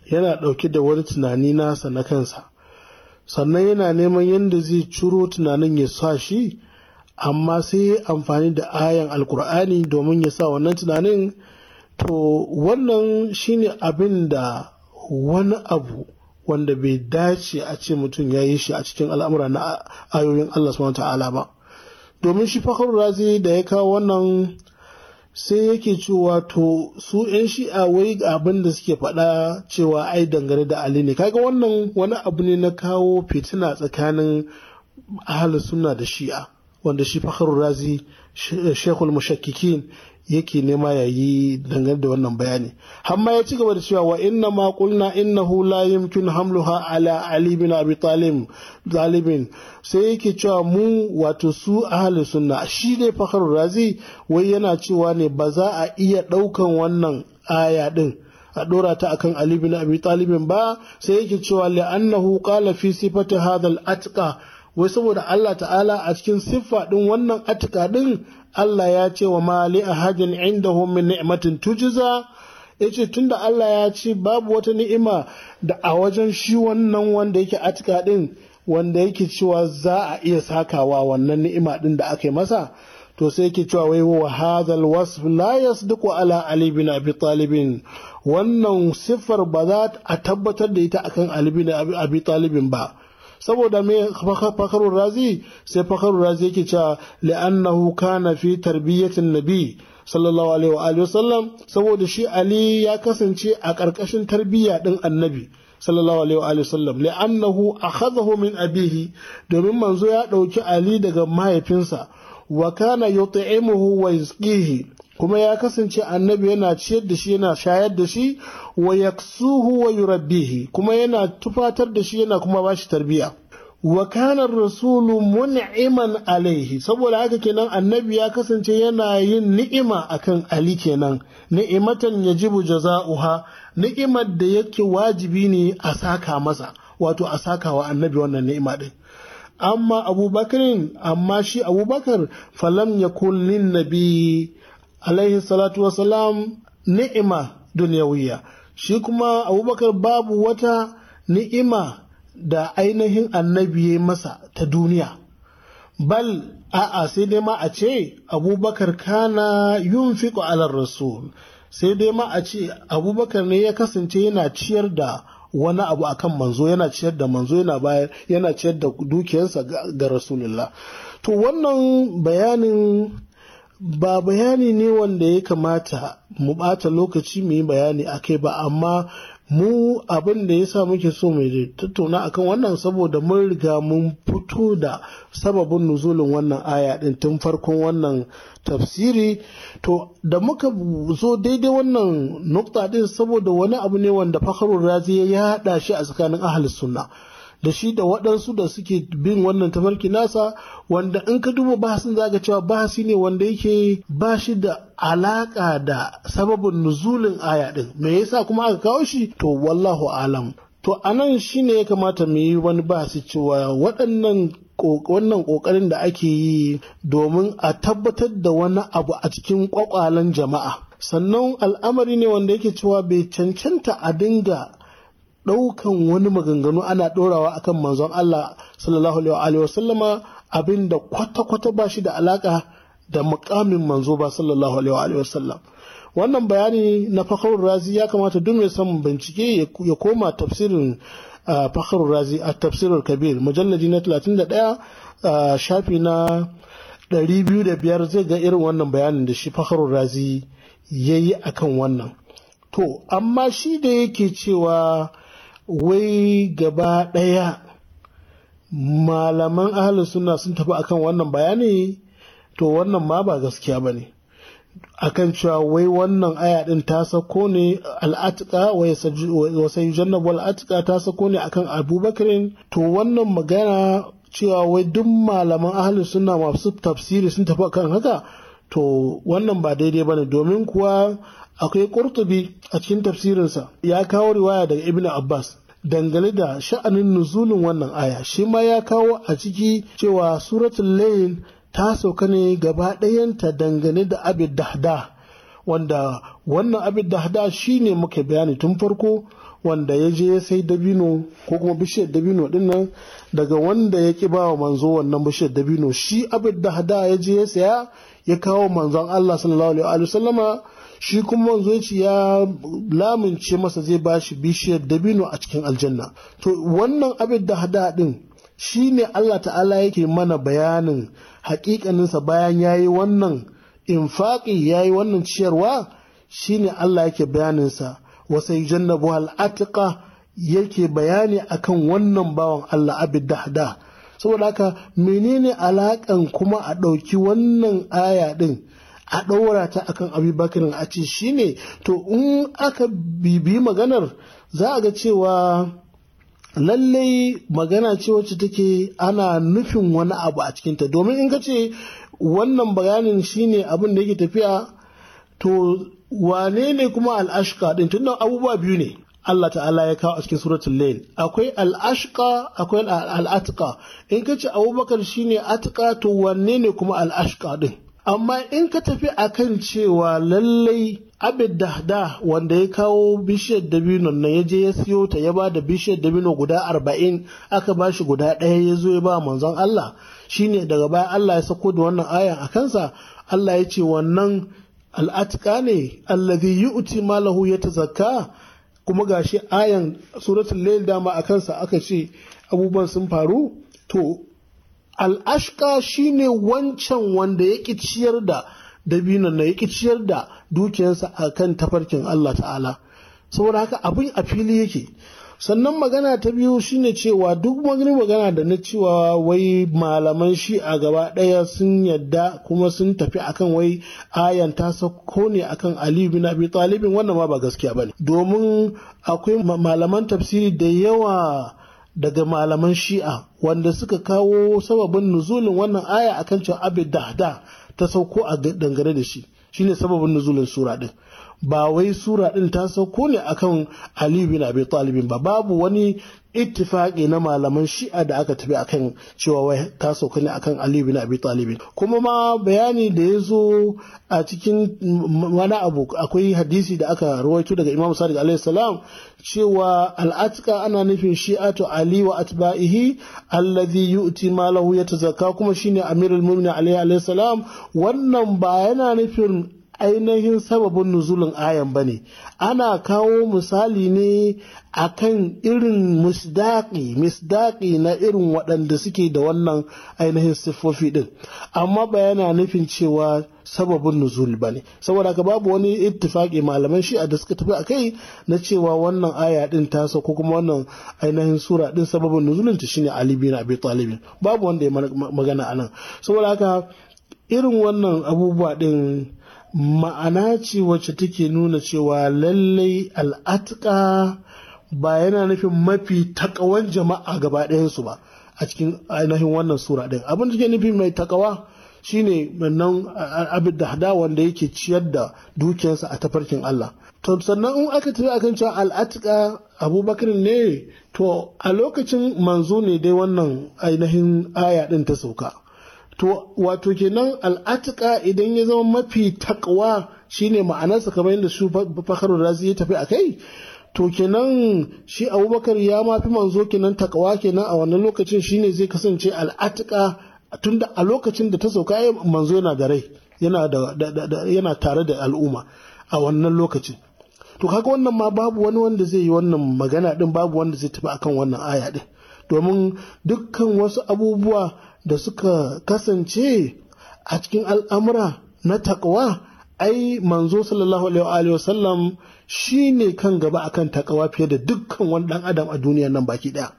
M: yana ɗauke da wani tunani nasa na kansa sannan yana neman yadda zai ciro tunanin ya sa shi amma sai amfani da ayan alkur'ani domin ya sa wannan tunanin to wannan shine abin da wani abu wanda bai dace a ce mutum ya yi shi a cikin al'amura na ayoyin Allah subhanahu ta'ala ba domin shi fakarun razi da ya kawo wannan sai yake cewa to su 'yan shi'a wai abin da suke faɗa cewa ai dangane da ali ne kaga wannan wani abu ne na kawo fitina tsakanin ahal suna da shi'a wanda shi fakharul razi shekul eh, mushakkikin yake nema ya yi dangane da wannan bayani hamma ya ci gaba da cewa wa inna ma qulna innahu la yumkin hamluha ala ali bin abi talib zalibin sai yake cewa mu wato su ahli sunna shi ne fakhrul razi wai yana cewa ne ba za a iya daukan wannan aya din a dora ta akan Ali bin Abi Talibin ba sai yake cewa annahu qala fi sifati hadha al-atqa wai saboda Allah ta'ala a cikin siffa ɗin wannan atika ɗin Allah ya ce wa mali a hajjin inda homin, ni'matin tujiza ya ce tunda Allah ya ce babu wata ni'ima da a wajen shi wannan wanda yake atika ɗin wanda yake cewa za a iya sakawa wannan ni'ima ɗin da aka yi masa to sai yake cewa wai wa hadhal wasf la yasduqu ala ali bin abi talibin wannan siffar ba za a tabbatar da ita akan ali bin abi talibin ba saboda me fakharur razi sai fakharur razi yake cewa li'annahu kana fi tarbiyyatin nabi sallallahu alaihi wa alihi saboda shi ali ya kasance a ƙarƙashin tarbiyya din annabi sallallahu alaihi wa alihi wasallam li'annahu akhadhahu min abihi domin manzo ya dauki ali daga mahaifinsa wa kana yut'imuhu wa kuma ya kasance annabi yana ciyar da shi yana shayar da shi wa yaksuhu wa yurabbihi kuma yana tufatar da shi yana kuma bashi tarbiya wa kana rasulu mun'iman alaihi saboda haka kenan annabi ya kasance yana yin ni'ima akan ali kenan ni'imatan ya ji yajibu jaza'uha ni'imar da yake wajibi ne a saka masa wato a saka wa annabi wannan ni'ima din amma abubakarin amma shi abubakar falam ya kullin nabi alaihi salatu wasalam ni'ima duniyawiya shi kuma abubakar babu wata ni'ima da ainihin annabi ya masa ta duniya bal a'a sai dai ma a ce abubakar kana yunfiqu alar rasul sai dai ma a ce abubakar ne ya kasance yana ciyar da wani abu akan manzo yana ciyar da manzo yana bayar yana ciyar da dukiyarsa ga rasulullah to wannan bayanin ba bayani ne wanda ya kamata mu ɓata lokaci mu yi bayani kai ba amma mu abin da ya sa muke so mai tattauna akan wannan saboda mun riga mun fito da sababin nuzulin wannan aya din tun farkon wannan tafsiri to da muka zo daidai wannan nukta din saboda wani abu ne wanda fakarun razi ya yada shi a tsakanin ahal sunna da shi da waɗansu da suke bin wannan tafarki nasa wanda in ka duba bahasin zaka cewa bahasi ne wanda yake ba shi da alaƙa da sababin nuzulin aya ɗin me yasa kuma aka kawo shi to wallahu alam to anan shi ne ya kamata mu yi wani bahasi cewa waɗannan wannan ƙoƙarin da ake yi domin a tabbatar da wani abu a cikin ƙwaƙwalen jama'a sannan al'amari ne wanda yake cewa bai cancanta a dinga ɗaukan wani maganganu ana ɗorawa akan manzon Allah sallallahu alaihi wasallama abin da kwata-kwata ba shi da alaka da mukamin manzo ba sallallahu alaihi wannan bayani na fakharul razi ya kamata duk mai son bincike ya koma tafsirin fakharul razi a tafsirar kabir mujallaji na 31 shafi na 205 zai ga irin wannan bayanin da shi fakharul razi ya yi akan wannan to amma shi da yake cewa wai gaba ɗaya malaman ahalin suna sun tafi akan wannan bayani to wannan ma ba gaskiya ba ne akan cewa wai wannan aya ta sako ne al'atika wasan jannabu al'atika ta sako ne akan abubakarin to wannan magana cewa wai duk malaman ahalin suna masu tafsiri sun tafi akan haka to wannan ba daidai ba ne domin kuwa akwai ƙurtubi a cikin tafsirinsa ya kawo riwaya daga ibn abbas dangane da sha'anin nuzulin wannan aya shi ma ya kawo a ciki cewa suratul layl ta sauka ne gaba ɗayanta dangane da abid dahda wanda wannan abid dahda ne muka bayani tun farko wanda ya je ya sai dabino ko kuma bishiyar dabino dinnan daga wanda ya ki bawa manzo wannan bishiyar dabino shi abid dahda ya je ya saya ya kawo manzon Allah sallallahu alaihi wasallama shi kuma manzo ya lamince masa zai ba shi bishiyar dabino a cikin aljanna to wannan abin da hada din shine Allah ta'ala yake mana bayanin hakikaninsa bayan ya yi wannan ya yi wannan ciyarwa shi ne Allah yake bayaninsa wa sayyidannabu al-atqa yake bayani akan wannan bawan Allah abin da hada. saboda haka menene alakan kuma a ɗauki wannan aya ɗin a ɗaura ta akan abubakar a ce shi ne to in aka bibi maganar za a ga cewa lallai magana ce wacce take ana nufin wani abu a cikinta domin in ka ce wannan bayanin shine abin da yake tafiya to wane ne kuma al'ashka din tunda abubuwa biyu ne Allah ta'ala ya kawo a cikin suratul layl akwai al'ashqa akwai al'atqa in ka ce abubakar shine atqa to wanne ne kuma alashka din amma in ka tafi akan cewa lallai abid dahda wanda ya kawo bishiyar dabino nan ya je ya siyo ta ya ba da bishiyar dabino guda arba'in aka ba shi guda ɗaya ya zo ya ba manzon Allah shine daga baya Allah ya sako da wannan ayan a kansa Allah ya ce wannan al'atika ne Allah allazi yu'ti malahu yatazakka kuma gashi ayan suratul layl dama a kansa aka ce abubuwan sun faru to al'ashka shi ne wancan wanda ya ƙi ciyar da dabinan na ya ƙi ciyar da dukiyarsa a kan tafarkin Allah ta'ala saboda haka abin a fili yake sannan magana ta biyu shi ne cewa duk wani magana da na cewa wai malaman shi a gaba ɗaya sun yadda kuma sun tafi akan wai ayan ta sako ne akan ali bin abi talibin wannan ma ba gaskiya bane domin akwai malaman tafsiri da yawa daga malaman shi'a wanda suka kawo sababin nuzulin wannan aya akan cewa abu dahda ta sauko a dangane da shi shine sababin nuzulin sura din ba wai sura din ta sauko ne akan Ali bin Abi Talibin ba babu wani ittifaqi na malaman shi'a da aka tafi akan cewa wai ta sauka ne akan Ali bin Abi Talib kuma ma bayani da ya zo a cikin wani abu akwai hadisi da aka rawaito daga Imam Sadiq alaihi salam cewa al'atka ana nufin shi'atu Ali wa atba'ihi alladhi yu'ti malahu yatazakka kuma shine Amirul Mu'minin alaihi salam wannan ba yana nufin ainihin sababin nuzulin ayan ba ne ana kawo misali ne a kan irin misdaƙi misdaƙi na irin waɗanda suke da wannan ainihin siffofi ɗin amma ba yana nufin cewa sababin nuzul ba ne saboda ka babu wani ittifaƙi malaman shi a da suka tafi a kai na cewa wannan aya ɗin ta ko kuma wannan ainihin sura ɗin sababin nuzulin ta shine ali bin abi talibin babu wanda ya magana anan saboda haka irin wannan abubuwa ɗin ma'ana ce wacce take nuna cewa lallai al'atka ba yana nufin mafi takawan jama'a gaba ɗayansu ba a cikin ainihin wannan sura ɗin abin da ke nufi mai takawa shine nan abin da hada wanda yake ciyar da dukiyarsa a tafarkin Allah to sannan in aka tafi akan cewa al'atka abubakar ne to a lokacin manzo ne dai wannan ainihin aya ɗin ta sauka to wato kenan al'atika idan ya zama mafi takwa shine ma'anarsa kamar yadda su fakarun razi ya tafi a kai to kenan shi abubakar ya mafi manzo kenan takwa kenan a wannan lokacin shine zai kasance al'atika tunda a lokacin da ta sauka manzo yana da rai yana tare da al'umma a wannan lokacin to kaga wannan ma babu wani wanda zai yi wannan magana din babu wanda zai tafi akan wannan aya din domin dukkan wasu abubuwa da suka kasance a cikin al'amura na taƙawa ai manzo sallallahu alaihi wasallam shi ne kan gaba akan takawa fiye da dukkan wani dan adam a duniya nan baki daya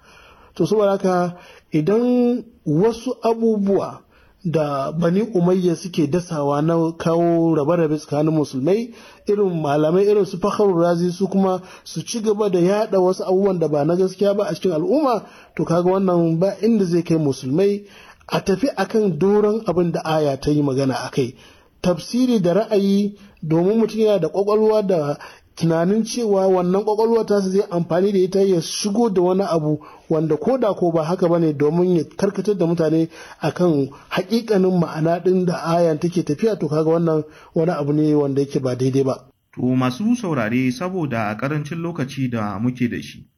M: to saboda haka idan wasu abubuwa da bani umayya suke dasawa na kawo rabe-rabe tsakanin musulmai irin malamai irin su fakharu razi su kuma su ci gaba da yada wasu abubuwan da ba na gaskiya ba a cikin al'umma to kaga wannan ba inda zai kai musulmai a tafi akan doron abin da aya ta yi magana a kai tafsiri da ra'ayi domin mutum yana da kwakwalwa da tunanin cewa wannan kwakwalwa ta zai amfani da ita ya shigo da wani abu wanda ko da ko ba haka bane domin ya karkatar da mutane akan hakikanin ma'ana din da ayan take tafiya to kaga wannan wani abu ne wanda yake ba daidai ba
G: to masu saurare saboda a karancin lokaci da muke da shi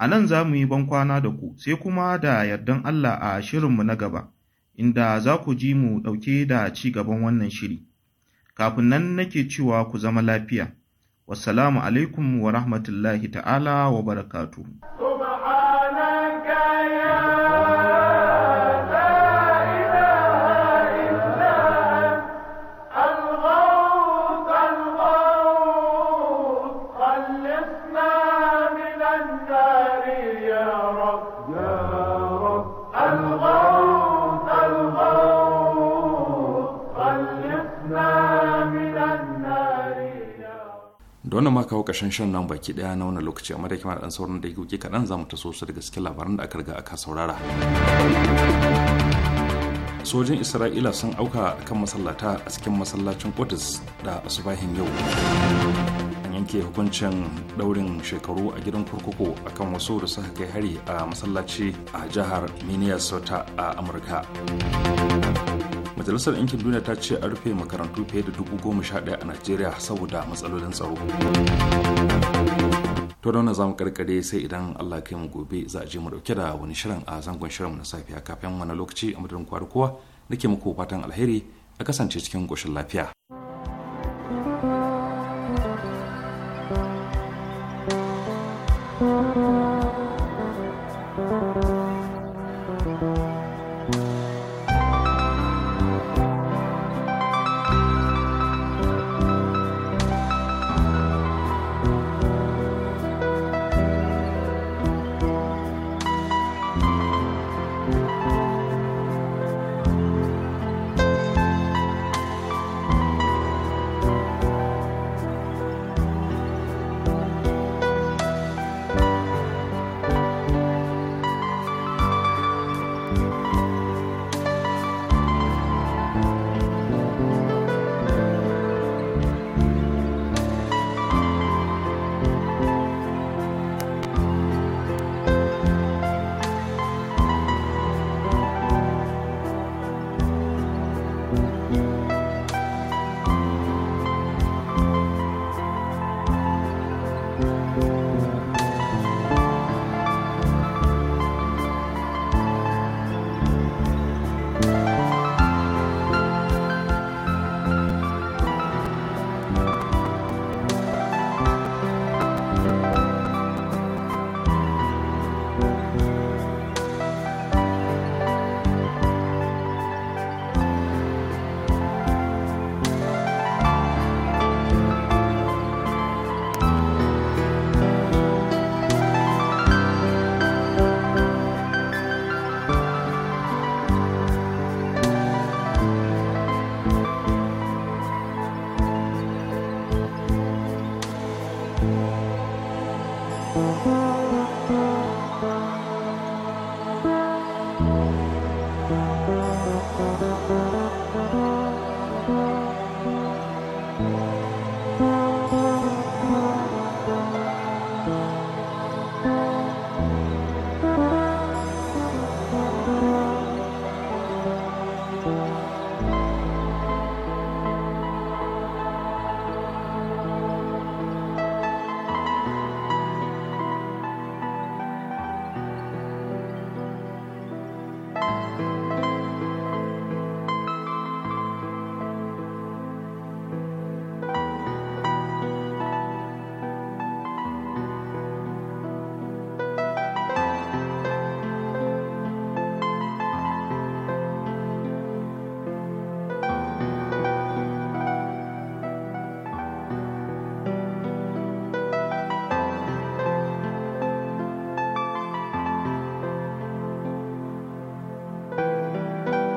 G: A nan za mu yi bankwana da ku sai kuma da yardan Allah a shirinmu na gaba, inda za ku ji mu ɗauke da ci gaban wannan shiri. Kafin nan nake cewa ku zama lafiya. Wassalamu alaikum wa rahmatullahi ta'ala wa barakatuhu.
C: da wannan ma kawo ƙarshen shan nan baki ɗaya na wani lokaci amma da kima da ɗan sauran da yake kaɗan za mu taso su da gaske labaran da aka riga aka saurara sojin isra'ila sun auka kan masallata a cikin masallacin Qudus da asubahin yau an yanke hukuncin daurin shekaru a gidan kurkuku akan wasu da suka kai hari a masallaci a jihar minnesota a amurka majalisar yankin duniya ta ce a rufe makarantu fiye da dubu goma sha ɗaya a najeriya saboda matsalolin tsaro to da za mu karkare sai idan allah kai mu gobe za a je mu dauke da wani shirin a zangon shirin na safiya kafin wani lokaci a madadin kwari nake muku fatan alheri a kasance cikin ƙoshin lafiya